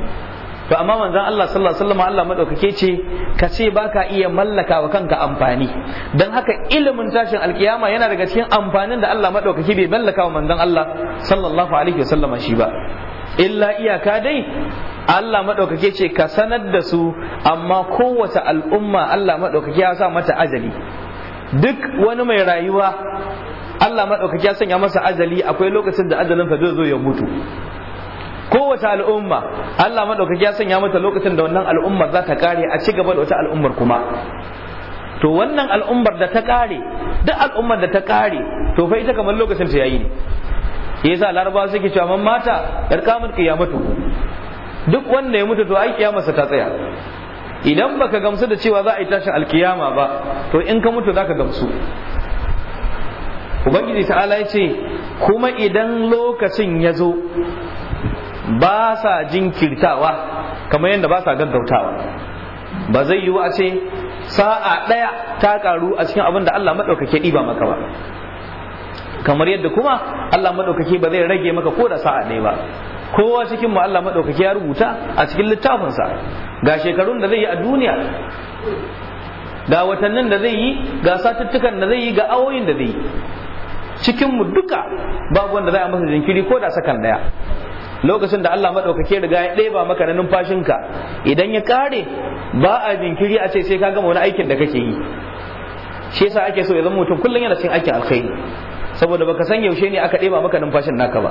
to amma manzon Allah sallallahu alaihi wasallam Allah madaukake ce ka ce baka iya mallaka wa kanka amfani dan haka ilimin tashin alkiyama yana daga cikin amfanin da Allah maɗaukaki bai mallaka wa manzon Allah sallallahu alaihi wasallam shi ba illa iyaka dai Allah maɗaukake ce ka sanar da su amma kowace al'umma Allah maɗaukake ya sa mata ajali duk wani mai rayuwa Allah maɗaukake ya sanya masa ajali akwai lokacin da ajalin fa zo ya mutu kowace al'umma Allah maɗaukake ya sanya mata lokacin da wannan al'ummar za ta kare a ci gaba da wata al'ummar kuma to wannan al'ummar da ta kare duk al'ummar da ta kare to fa ita kamar lokacin ta yayi ne yasa larabawa suke cewa man mata kamar kiyamatu duk wanda ya mutu to ai kiyamarsa ta tsaya idan baka gamsu da cewa za a yi tashin alkiyama ba to in ka mutu zaka gamsu ubangiji ta'ala ya ce kuma idan lokacin ya zo ba sa jinkirtawa kamar yadda ba sa gaggautawa ba zai yiwu a ce sa'a ɗaya ta karu a cikin abin da Allah maɗaukake ɗiba maka ba kamar yadda kuma Allah maɗaukake ba zai rage maka ko da sa'a ɗaya ba kowa cikin mu Allah madaukaki ya rubuta a cikin littafinsa ga shekarun da zai yi a duniya ga watannin da zai yi ga satuttukan da zai yi ga awoyin da zai yi cikin mu duka babu wanda zai a masa jinkiri ko da sakan daya lokacin da Allah maɗaukake riga ya ɗeba maka na numfashinka idan ya ƙare ba a jinkiri a ce sai ka gama wani aikin da kake yi shi yasa ake so ya zama mutum kullum yana cin aikin alkhairi saboda baka san yaushe ne aka ɗeba maka numfashin naka ba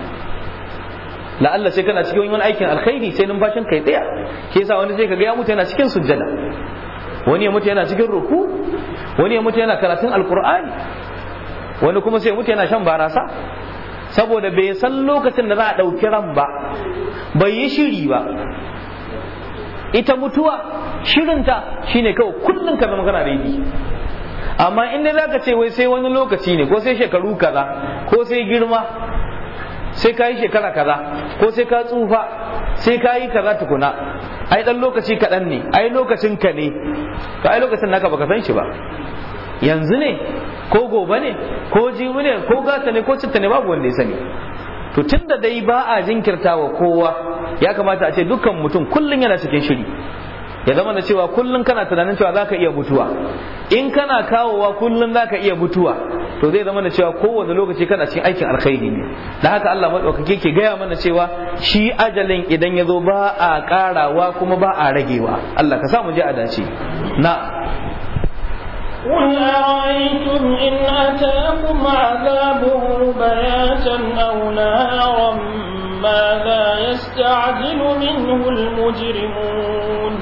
Allah sai kana cikin wani aikin alkhairi sai numfashin kai tsaya ke yasa wani sai kaga ya mutu yana cikin sujjada wani ya mutu yana cikin ruku wani ya mutu yana karatun alkur'ani wani kuma sai mutu yana shan barasa saboda bai san lokacin da za a ɗauki ran ba bai yi shiri ba ita mutuwa shirinta shine kawai kullum ka zama kana daidai amma inda za ka ce wai sai wani lokaci ne ko sai shekaru kaza ko sai girma sai ka yi shekara kaza ko sai ka tsufa sai ka yi kaza tukuna ai dan lokaci kaɗan ne ai lokacin ka ne to ai lokacin naka baka san shi ba yanzu ne ko gobe ne ko jibi ne ko gata ne ko citta ne babu wanda ya sani to tunda dai ba a jinkirta wa kowa ya kamata a ce dukkan mutum kullum yana cikin shiri ya zama da cewa kullum kana tunanin cewa zaka iya mutuwa in kana kawowa kullum zaka iya mutuwa to zai zama da cewa kowane lokaci kana cikin aikin alkhairi ne da haka Allah madaukake ke gaya mana cewa shi ajalin idan ya zo ba a karawa kuma ba a ragewa Allah ka mu ji a dace na قل أرأيتم إن أتاكم عذابه بياتا أو ما لا يستعجل منه المجرمون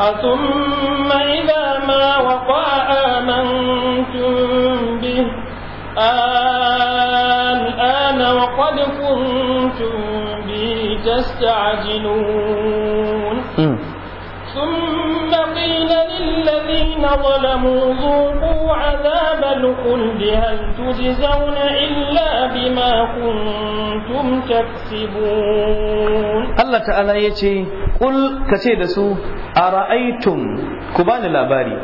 أثم إذا ما وقع آمنتم به الآن وقد كنتم به تستعجلون الذين ظلموا ذوقوا عذاب الخلد هل تجزون إلا بما كنتم تكسبون الله تعالى يتي قل كسيد سو أرأيتم كبان الأباري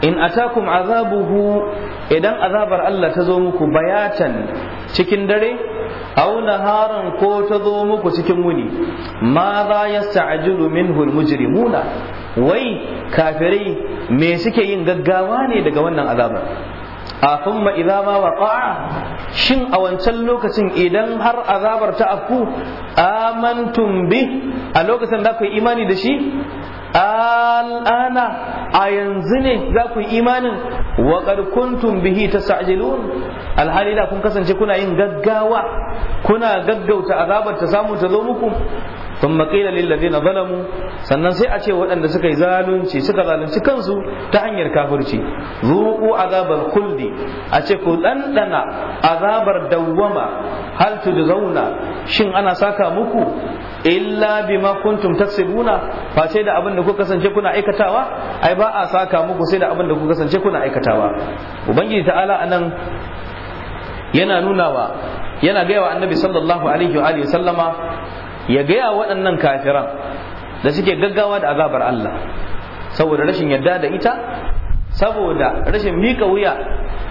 in atakum azabuhu idan azabar Allah ta zo muku bayatan cikin dare auna naharan ko ta zo muku cikin wuni ma za yasta'jilu minhu almujrimuna wai kafirai me suke yin gaggawa ne daga wannan azabar a ma idza ma waqa'a shin a wancan lokacin idan har azabar ta afku amantum bi a lokacin da ku imani da shi al'ana a yanzu ne za ku yi imanin wa kuntum bihi tasajilun alhali da kun kasance kuna yin gaggawa kuna gaggauta azabar ta samu ta zo muku thumma da lil ladina zalamu sannan sai a ce waɗanda suka yi zalunci suka zalunci kansu ta hanyar kafirci zuqu azabar kuldi a ce ku ɗanɗana azabar dawwama hal zauna. shin ana saka muku illa bima kuntum taksibuna fa sai da abin da kuka kasance kuna aikatawa ai ba a saka muku sai da abin da kuka kasance kuna aikatawa ubangiji ta'ala anan yana nunawa yana gaya wa annabi sallallahu alaihi wa alihi sallama ya gaya waɗannan kafiran da suke gaggawa da azabar Allah saboda rashin yadda da ita saboda rashin mika wuya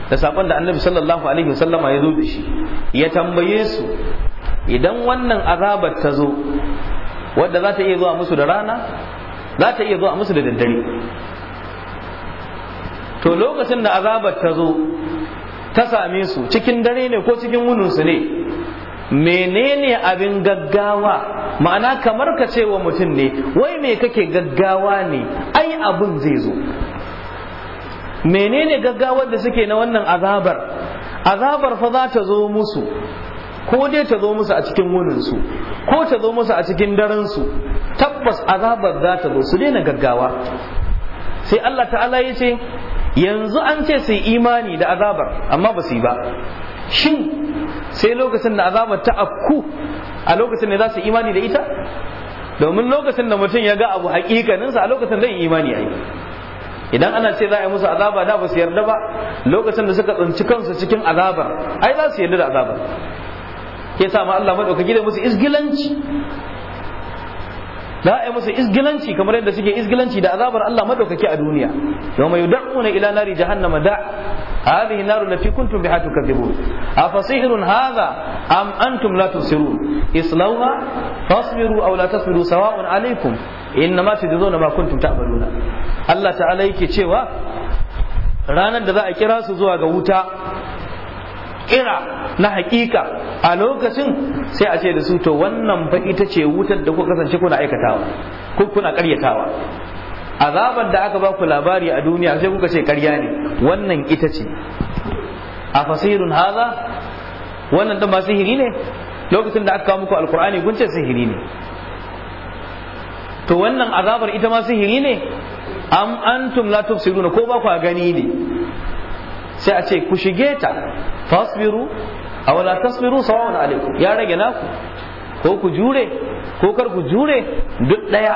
da saƙon da annabi sallallahu alaihi wasallama ya zo da shi ya tambaye su idan wannan azabar ta zo wadda za ta iya zuwa musu da rana za ta iya zuwa musu da daddare to lokacin da azabar ta zo ta same su cikin dare ne ko cikin wuninsu ne menene abin gaggawa ma'ana kamar ka ce wa mutum ne wai me kake gaggawa ne ai abin zai zo menene gaggawar da suke na wannan azabar azabar fa za ta zo musu ko dai ta zo musu a cikin wuninsu ko ta zo musu a cikin darensu tabbas azabar za ta zo su daina gaggawa sai Allah ta'ala ya ce yanzu an ce su imani da azabar amma ba su yi ba shin sai lokacin da azaba ta afku a lokacin da za su imani da ita domin lokacin da mutum ya ga abu hakikaninsa a lokacin zai imani ai idan ana ce za a yi musu azaba da ba su yarda ba lokacin da suka tsinci kansu cikin azabar ai za su yarda da azabar ke sa ma Allah madaukaki da musu isgilanci za a yi musu izgilanci kamar yadda suke izgilanci da azabar Allah madaukaki a duniya yawma yud'una ila nari jahannama da hadhihi naru lati kuntum biha tukadzibun afasihrun hadha am antum la tusirun islauha fasbiru aw la tasbiru sawa'un alaykum innama tujzuna ma kuntum ta'maluna Allah ta'ala yake cewa ranar da za a kira su zuwa ga wuta kira na hakika a lokacin sai a ce da su to wannan fa ita ce wutar da kuka kasance kuna aikatawa ko kuna karyatawa azaban da aka ba ku labari a duniya sai kuka ce karya ne wannan ita ce a fasirun haza wannan dan ba sihiri ne lokacin da aka kawo muku alkur'ani kun ce sihiri ne to wannan azabar ita ma sihiri ne am antum la tubsiruna ko ba ku gani ne sai a ce ku shige ta fasbiru aw la tasbiru sawa'un alaikum ya rage naku ko ku jure ko kar ku jure duk daya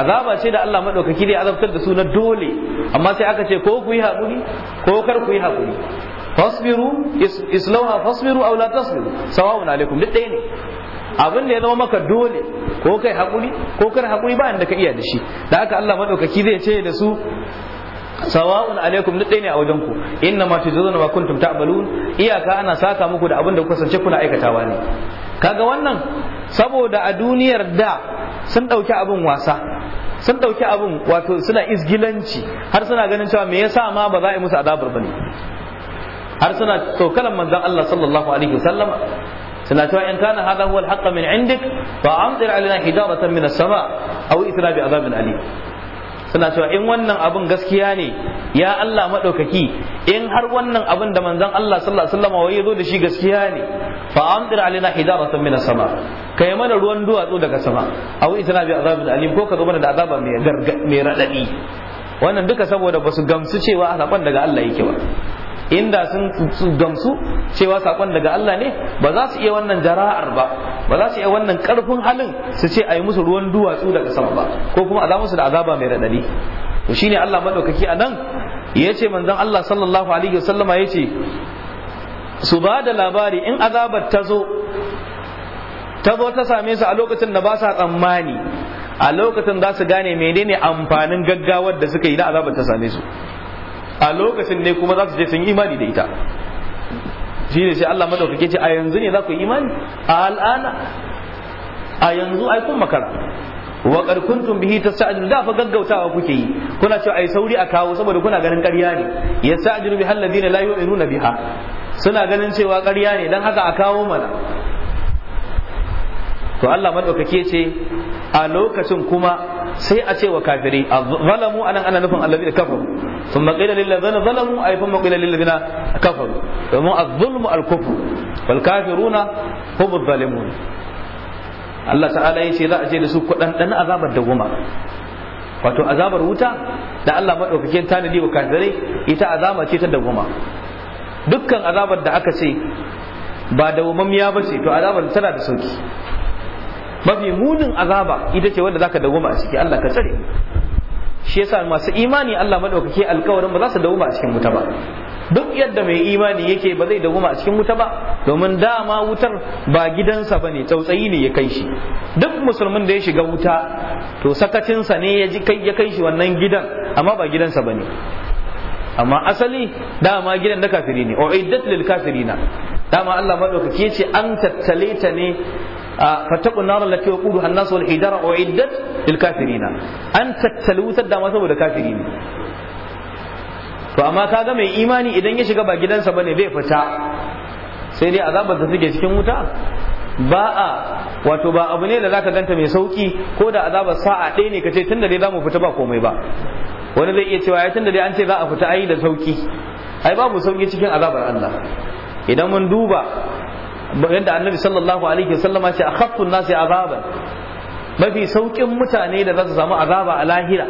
azaba ce da Allah madaukaki da azabtar da su na dole amma sai aka ce ko ku yi hakuri ko kar ku yi hakuri fasbiru islauha fasbiru aw la tasbiru sawa'un alaikum duk daya ne abin da ya zama maka dole ko kai hakuri ko kar hakuri ba da ka iya da shi da haka Allah madaukaki zai ce da su sawa'un alaikum duk ne a wajen ku inna ma tujzuna wa kuntum ta'malun iyaka ana saka muku da abin da kuka sance kuna aikatawa ne kaga wannan saboda a duniyar da sun dauki abin wasa sun dauki abin wato suna izgilanci har suna ganin cewa me yasa ma ba za a yi musu azabar bane har suna tsokalan manzon Allah sallallahu alaihi wasallam suna cewa in kana hadha huwa alhaqqa min indik fa amdir alaina hijaratan min as-sama aw itna bi azabin alim suna cewa in wannan abin gaskiya ne ya Allah maɗaukaki in har wannan abin da manzon Allah sallallahu alaihi wasallam wai zo da shi gaskiya ne fa amdir alaina hijaratan min sama kai mana ruwan duwatsu daga sama aw itna bi azabil alim ko ka zo mana da azaba mai radadi wannan duka saboda ba su gamsu cewa a daga Allah yake ba inda sun gamsu cewa sakon daga Allah ne ba za su iya wannan jara'ar ba ba za su iya wannan karfin halin su ce a yi musu ruwan duwatsu daga sama ba ko kuma a za musu da azaba mai radadi to shine Allah madaukaki a nan ya ce manzon Allah sallallahu alaihi wasallama ya ce su ba da labari in azabar ta zo ta zo same su a lokacin da ba sa tsammani a lokacin za su gane menene amfanin gaggawar da suka yi na azabar ta same su a lokacin ne kuma za su je sun yi imani da ita shi ne sai Allah madaukake ce a yanzu ne za ku yi imani a al'ana a yanzu ai kun makara wa qad kuntum bihi tasta'jilu da fa gaggautawa kuke yi kuna cewa ai sauri a kawo saboda kuna ganin ƙarya ne yasta'jilu bihal ladina la yu'minuna biha suna ganin cewa ƙarya ne dan haka a kawo mana to Allah madaukake ce a lokacin kuma sai a ce wa kafiri zalamu anan ana nufin allazi kafaru thumma qila lil ladzina zalamu ay thumma qila lil ladzina kafaru domin az-zulmu al-kufru wal kafiruna hum adh-dhalimun Allah ta'ala ya ce za a je da su kudan dan azabar dawuma wato azabar wuta da Allah madaukakin tanadi wa kafirai ita azama ce ta dawuma dukkan azabar da aka ce ba dawumammiya ba ce to azabar tana da sauki mafi munin azaba ita ce wanda zaka dawoma a ciki Allah ka tsare shi yasa masu imani Allah madaukake alƙawarin ba za su dawoma a cikin wuta ba duk yadda mai imani yake ba zai dawoma a cikin wuta ba domin dama wutar ba gidansa bane tsautsayi ne ya kai shi duk musulmin da ya shiga wuta to sakacinsa ne ya ji kai ya kai shi wannan gidan amma ba gidansa bane amma asali dama gidan na kafiri ne o iddat lil kafirina dama Allah madaukake ce an tattale ta ne A'a, an-nar allati waquduha an-nas wal hijara uiddat lil kafirin an tattalu sadda ma saboda kafiri ne to amma kaga mai imani idan ya shiga ba gidansa bane bai fita sai dai azabar da suke cikin wuta ba a wato ba abu ne da zaka ganta mai sauki ko da azabar sa'a ɗaya ne kace tunda dai zamu fita ba komai ba wani zai iya cewa ya tunda dai an ce za a fita ai da sauki ai babu sauki cikin azabar Allah idan mun duba yadda annabi sallallahu alaihi wasallama ce a akhaffu nasi azaban mafi saukin mutane da za su samu azaba a lahira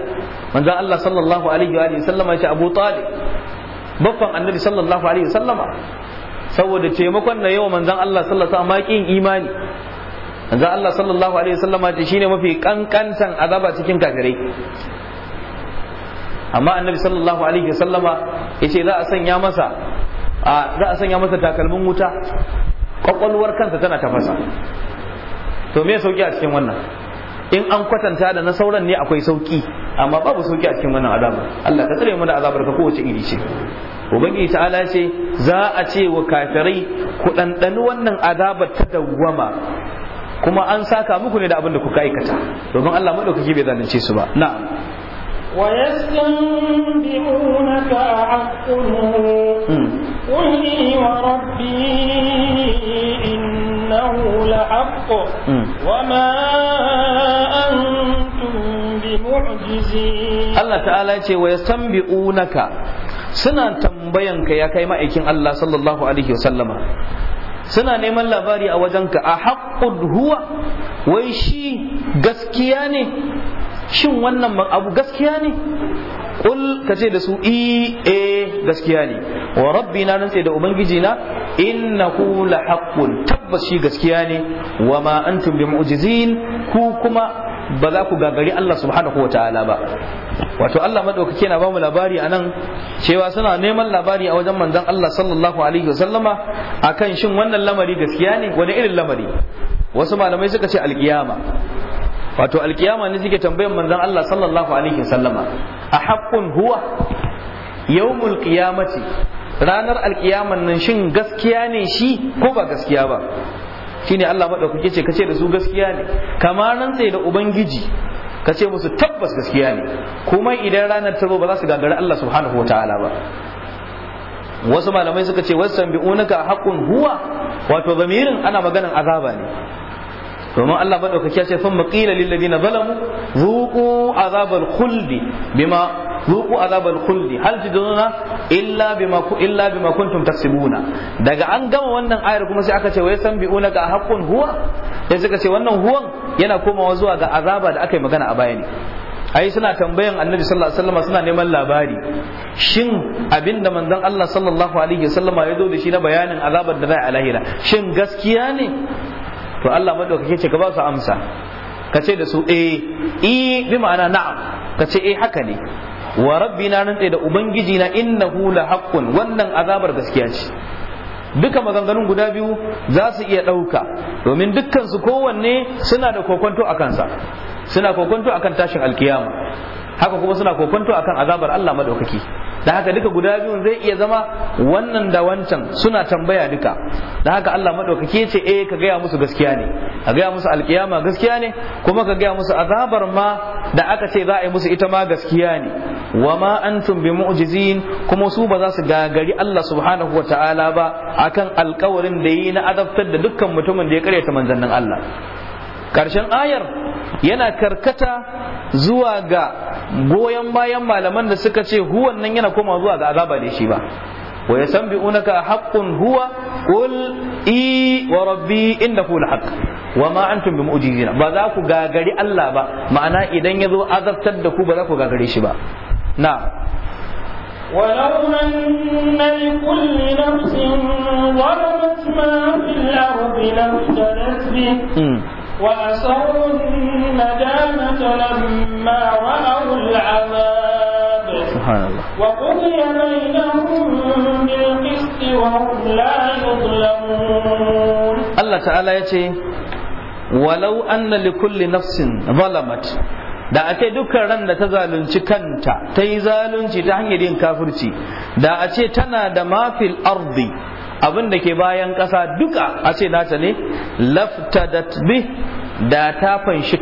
manzo Allah sallallahu alaihi wa sallama ce Abu Talib baffan annabi sallallahu alaihi sallama saboda taimakon na yawa manzon Allah sallallahu alaihi wasallam kin imani manzon Allah sallallahu alaihi sallama ce shine mafi kankantan azaba cikin kafirai amma annabi sallallahu alaihi sallama yace za a sanya masa za a sanya masa takalmin wuta kwakwalwar kansa tana tafasa to me sauki a cikin wannan in an kwatanta da na sauran ne akwai sauki amma babu sauki a cikin wannan azaba Allah ka tsare mu da azabar ka kowace iri ce ubangiji ta'ala ce za a ce wa kafirai ku ɗanɗani wannan azabar ta dawwama kuma an saka muku ne da abin da kuka aikata domin Allah madaukaki bai zalunce su ba na'am ويستنبئونك أحق قل وربي إنه لحق وما أنتم بمعجزين الله تعالى ويستنبئونك suna tambayanka ya kai ma'aikin Allah sallallahu alaihi wasallama suna neman labari a wajenka a haƙƙun huwa wai shi gaskiya ne shin wannan abu gaskiya ne kul ka ce da su ee gaskiya ne wa rabbi na rantse da ubangiji na innahu la haqqun tabbas shi gaskiya ne wa ma antum bi mu'jizin ku kuma ba za ku gagari Allah subhanahu wa ta'ala ba wato Allah madaukake na bamu labari anan cewa suna neman labari a wajen manzon Allah sallallahu alaihi wasallama akan shin wannan lamari gaskiya ne wani irin lamari wasu malamai suka ce alkiyama wato alkiyama ne suke tambayan manzon Allah sallallahu alaihi wasallama a haƙƙun huwa yawmul qiyamati ranar alkiyaman nan shin gaskiya ne shi ko ba gaskiya ba shine Allah madaukake ce kace da su gaskiya ne kamar nan sai da ubangiji kace musu tabbas gaskiya ne kuma idan ranar ta zo ba za su gagari Allah subhanahu wataala ba wasu malamai suka ce wasan bi'unaka haqqun huwa wato zamirin ana maganan azaba ne domin Allah madaukaki ya ce sun maƙila na zalamu zuqu azabar kulli bima zuqu azabal khuldi hal tiduna illa bima illa bima kuntum taksibuna daga an gama wannan ayar kuma sai aka ce wai san biuna ga haqqun huwa sai suka ce wannan huwan yana komawa zuwa ga azaba da aka yi magana a baya ne ai suna tambayan annabi sallallahu alaihi wasallam suna neman labari shin abinda manzon Allah sallallahu alaihi wasallama ya zo da shi na bayanin azabar da za a lahira shin gaskiya ne to Allah madaukake ce ka ba su amsa ka ce da su eh i bi ma'ana na'am ka ce eh haka ne wa rabbina nan da ubangiji na innahu la haqqun wannan azabar gaskiya ce duka maganganun guda biyu za su iya ɗauka domin dukkansu kowanne suna da kokonto a kansa suna kokonto akan tashin alkiyama haka kuma suna kokonto akan azabar Allah madaukaki da haka duka guda biyun zai iya zama wannan da wancan suna tambaya duka da haka Allah madaukaki ce eh ka gaya musu gaskiya ne ka gaya musu alkiyama gaskiya ne kuma ka gaya musu azabar ma da aka ce za a yi musu ita ma gaskiya ne wa ma antum bi mu'jizin kuma su ba za su gagari Allah subhanahu wataala ba akan alkawarin da yi na azabtar da dukkan mutumin da ya karyata manzannin Allah karshen ayar yana karkata zuwa ga goyon bayan malaman da suka ce huwan nan yana koma zuwa ga azaba da shi ba wa yasanbi'unaka haqqun huwa qul i wa rabbi innahu lahaq wa ma antum bimu'jizina ba za ku gagari Allah ba ma'ana idan yazo azabtar da ku ba za ku gagare shi ba na ولو أن لكل نفس ظلمت ما في الأرض لافتدت به وأسروا الندامة لما رأوا العذاب سبحان الله وقضي بينهم بالقسط وهم لا يظلمون الله تعالى يتي ولو أن لكل نفس ظلمت da a ce dukkan ran da ta zalunci kanta ta yi zalunci ta hanyar yin kafirci da a ce tana da mafil ardi abin da ke bayan ƙasa duka a ce nata ne lafta da ta da ta fanshi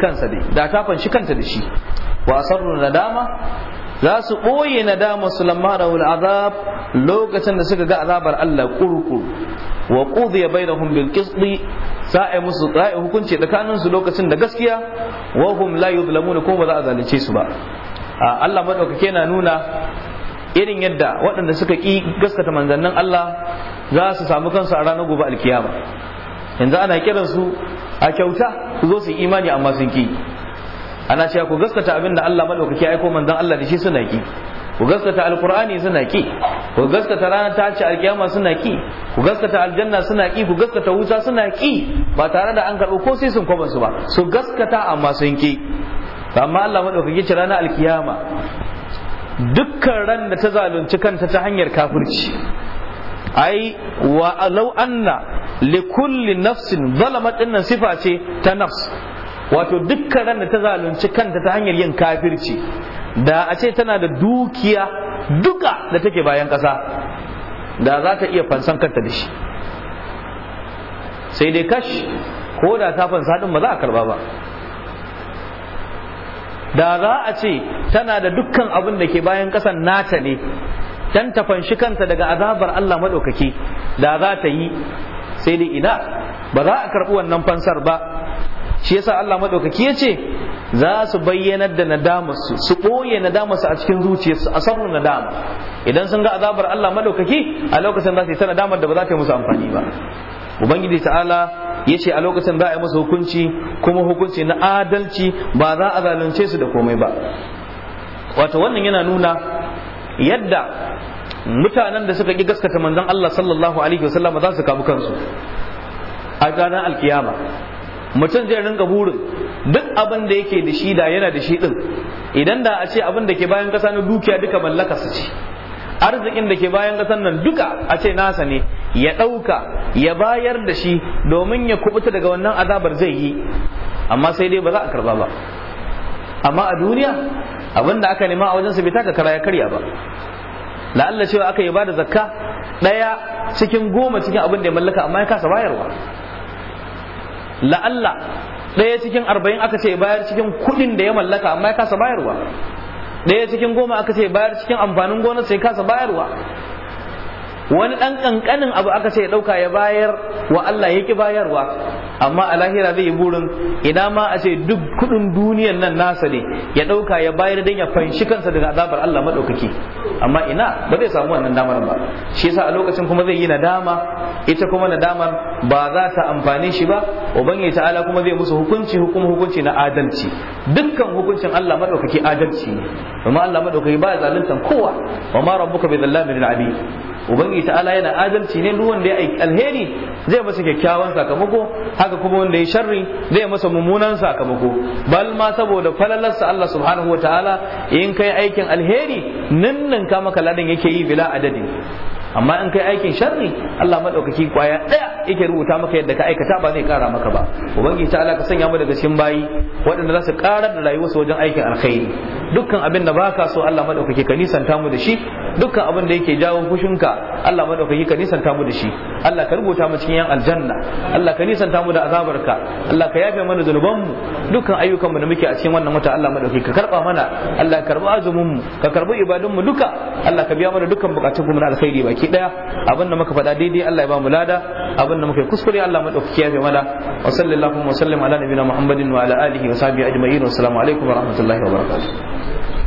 kanta da shi wa na dama za su ɓoye nadama su lamma da azab lokacin da suka ga azabar Allah kurkuru wa qudiya bainahum bil qisti sa'a musu sa'a hukunci tsakanin su lokacin da gaskiya wa hum la ko ba za a zalunce su ba Allah madaukake na nuna irin yadda waɗanda suka ƙi gaskata manzannin Allah za su samu kansu a ranar gobe alkiyama yanzu ana kiransu a kyauta ku zo su imani amma sun ƙi ana cewa ku gaskata abin da Allah maɗaukaki aiko manzan Allah da shi suna ƙi ku gaskata alkur'ani suna ƙi. ku gaskata ranar ta ce alkiyama suna ƙi. ku gaskata aljanna suna ƙi. ku gaskata wuta suna ƙi. ba tare da an karɓo ko sai sun kwaban su ba su gaskata amma sun ƙi amma Allah maɗaukaki ce ranar alkiyama dukkan ran da ta zalunci kanta ta hanyar kafirci ai wa law anna li kulli nafsin zalamat dinnan sifa ce ta nafs wato dukkan ran da ta zalunci kanta ta hanyar yin kafirci da a ce tana da dukiya duka da take bayan ƙasa da za ta iya fansan kanta da shi sai dai kash ko da ta fansa din ba za a karba ba da za a ce tana da dukkan abin da ke bayan ƙasan nata ne dan ta fanshi kanta daga azabar Allah maɗaukaki da za ta yi sai dai ina ba za a karɓi wannan fansar ba shi yasa Allah maɗaukaki ya ce za su bayyanar da nadamarsu su ɓoye nadamarsu a cikin zuciyarsu a sabon nadama idan sun ga azabar Allah maɗaukaki a lokacin za su yi ta nadamar da ba za ta yi musu amfani ba ubangiji ta'ala yace a lokacin za a yi musu hukunci kuma hukunci na adalci ba za a zalunce su da komai ba wato wannan yana nuna yadda mutanen da suka ki gaskata manzon Allah sallallahu alaihi wasallam za su kabu kansu a ranar alkiyama mutum zai rinka burin duk abin da yake da shi da yana da shi din idan da a ce abin da ke bayan kasa na dukiya duka mallaka su ce arzikin da ke bayan ƙasar nan duka a ce nasa ne ya ɗauka ya bayar da shi domin ya kubuta daga wannan azabar zai yi amma sai dai ba za a karba ba amma a duniya abin da aka nema a wajen su bai taka kara ya karya ba la'alla cewa aka yi ba da zakka ɗaya cikin goma cikin abin da ya mallaka amma ya kasa bayarwa la'alla ɗaya cikin arba'in aka ce bayar cikin kuɗin da ya mallaka amma ya kasa bayarwa ɗaya cikin goma aka ce bayar cikin amfanin gonar sai kasa bayarwa wani ɗan ƙanƙanin abu aka ce ya dauka ya bayar wa Allah ya ki bayarwa amma a lahira zai yi burin ina ma a ce duk kuɗin duniyan nan nasa ne ya ɗauka ya bayar dan ya fanshi kansa daga azabar Allah maɗaukaki. amma ina ba zai samu wannan damar ba shi yasa a lokacin kuma zai yi nadama ita kuma nadamar ba za ta amfani shi ba ubangiji ta'ala kuma zai musu hukunci hukuma hukunci na adalci dukkan hukuncin Allah maɗaukaki adalci ne amma Allah maɗaukaki ba ya zaluntan kowa wa ma rabbuka bi dhallamin ubangiji ta'ala yana adalci ne duk wanda ya aiki alheri zai masa kyakkyawan sakamako haka kuma wanda ya sharri zai masa mummunan sakamako bal ma saboda falalarsa Allah subhanahu wa ta'ala in kai aikin alheri ka maka ladan yake yi bila adadi amma in kai aikin sharri Allah madaukaki kwaya daya yake rubuta maka yadda ka aikata ba zai kara maka ba ubangiji ta Allah ka sanya mu daga cikin bayi waɗanda za su karar da rayuwarsu wajen aikin alkhairi dukkan abin da baka so Allah madaukaki ka nisanta mu da shi dukkan abin da yake jawo fushinka Allah madaukaki ka nisanta mu da shi Allah ka rubuta mu cikin yan aljanna Allah ka nisanta mu da azabarka Allah ka yafe mana mu dukkan ayyukanmu da muke a cikin wannan wata Allah madaukaki ka karba mana Allah ka karba azumin mu ka karba ibadun mu duka Allah ka biya mana dukkan bukatun mu na alkhairi baki baki daya abin da muka faɗa daidai Allah ya ba mu lada abin da muka yi kuskure Allah madaukaki kiyaye mana wa sallallahu wa sallam ala nabiyina muhammadin wa ala alihi wa sahbihi ajma'in wa assalamu alaikum wa rahmatullahi wa barakatuh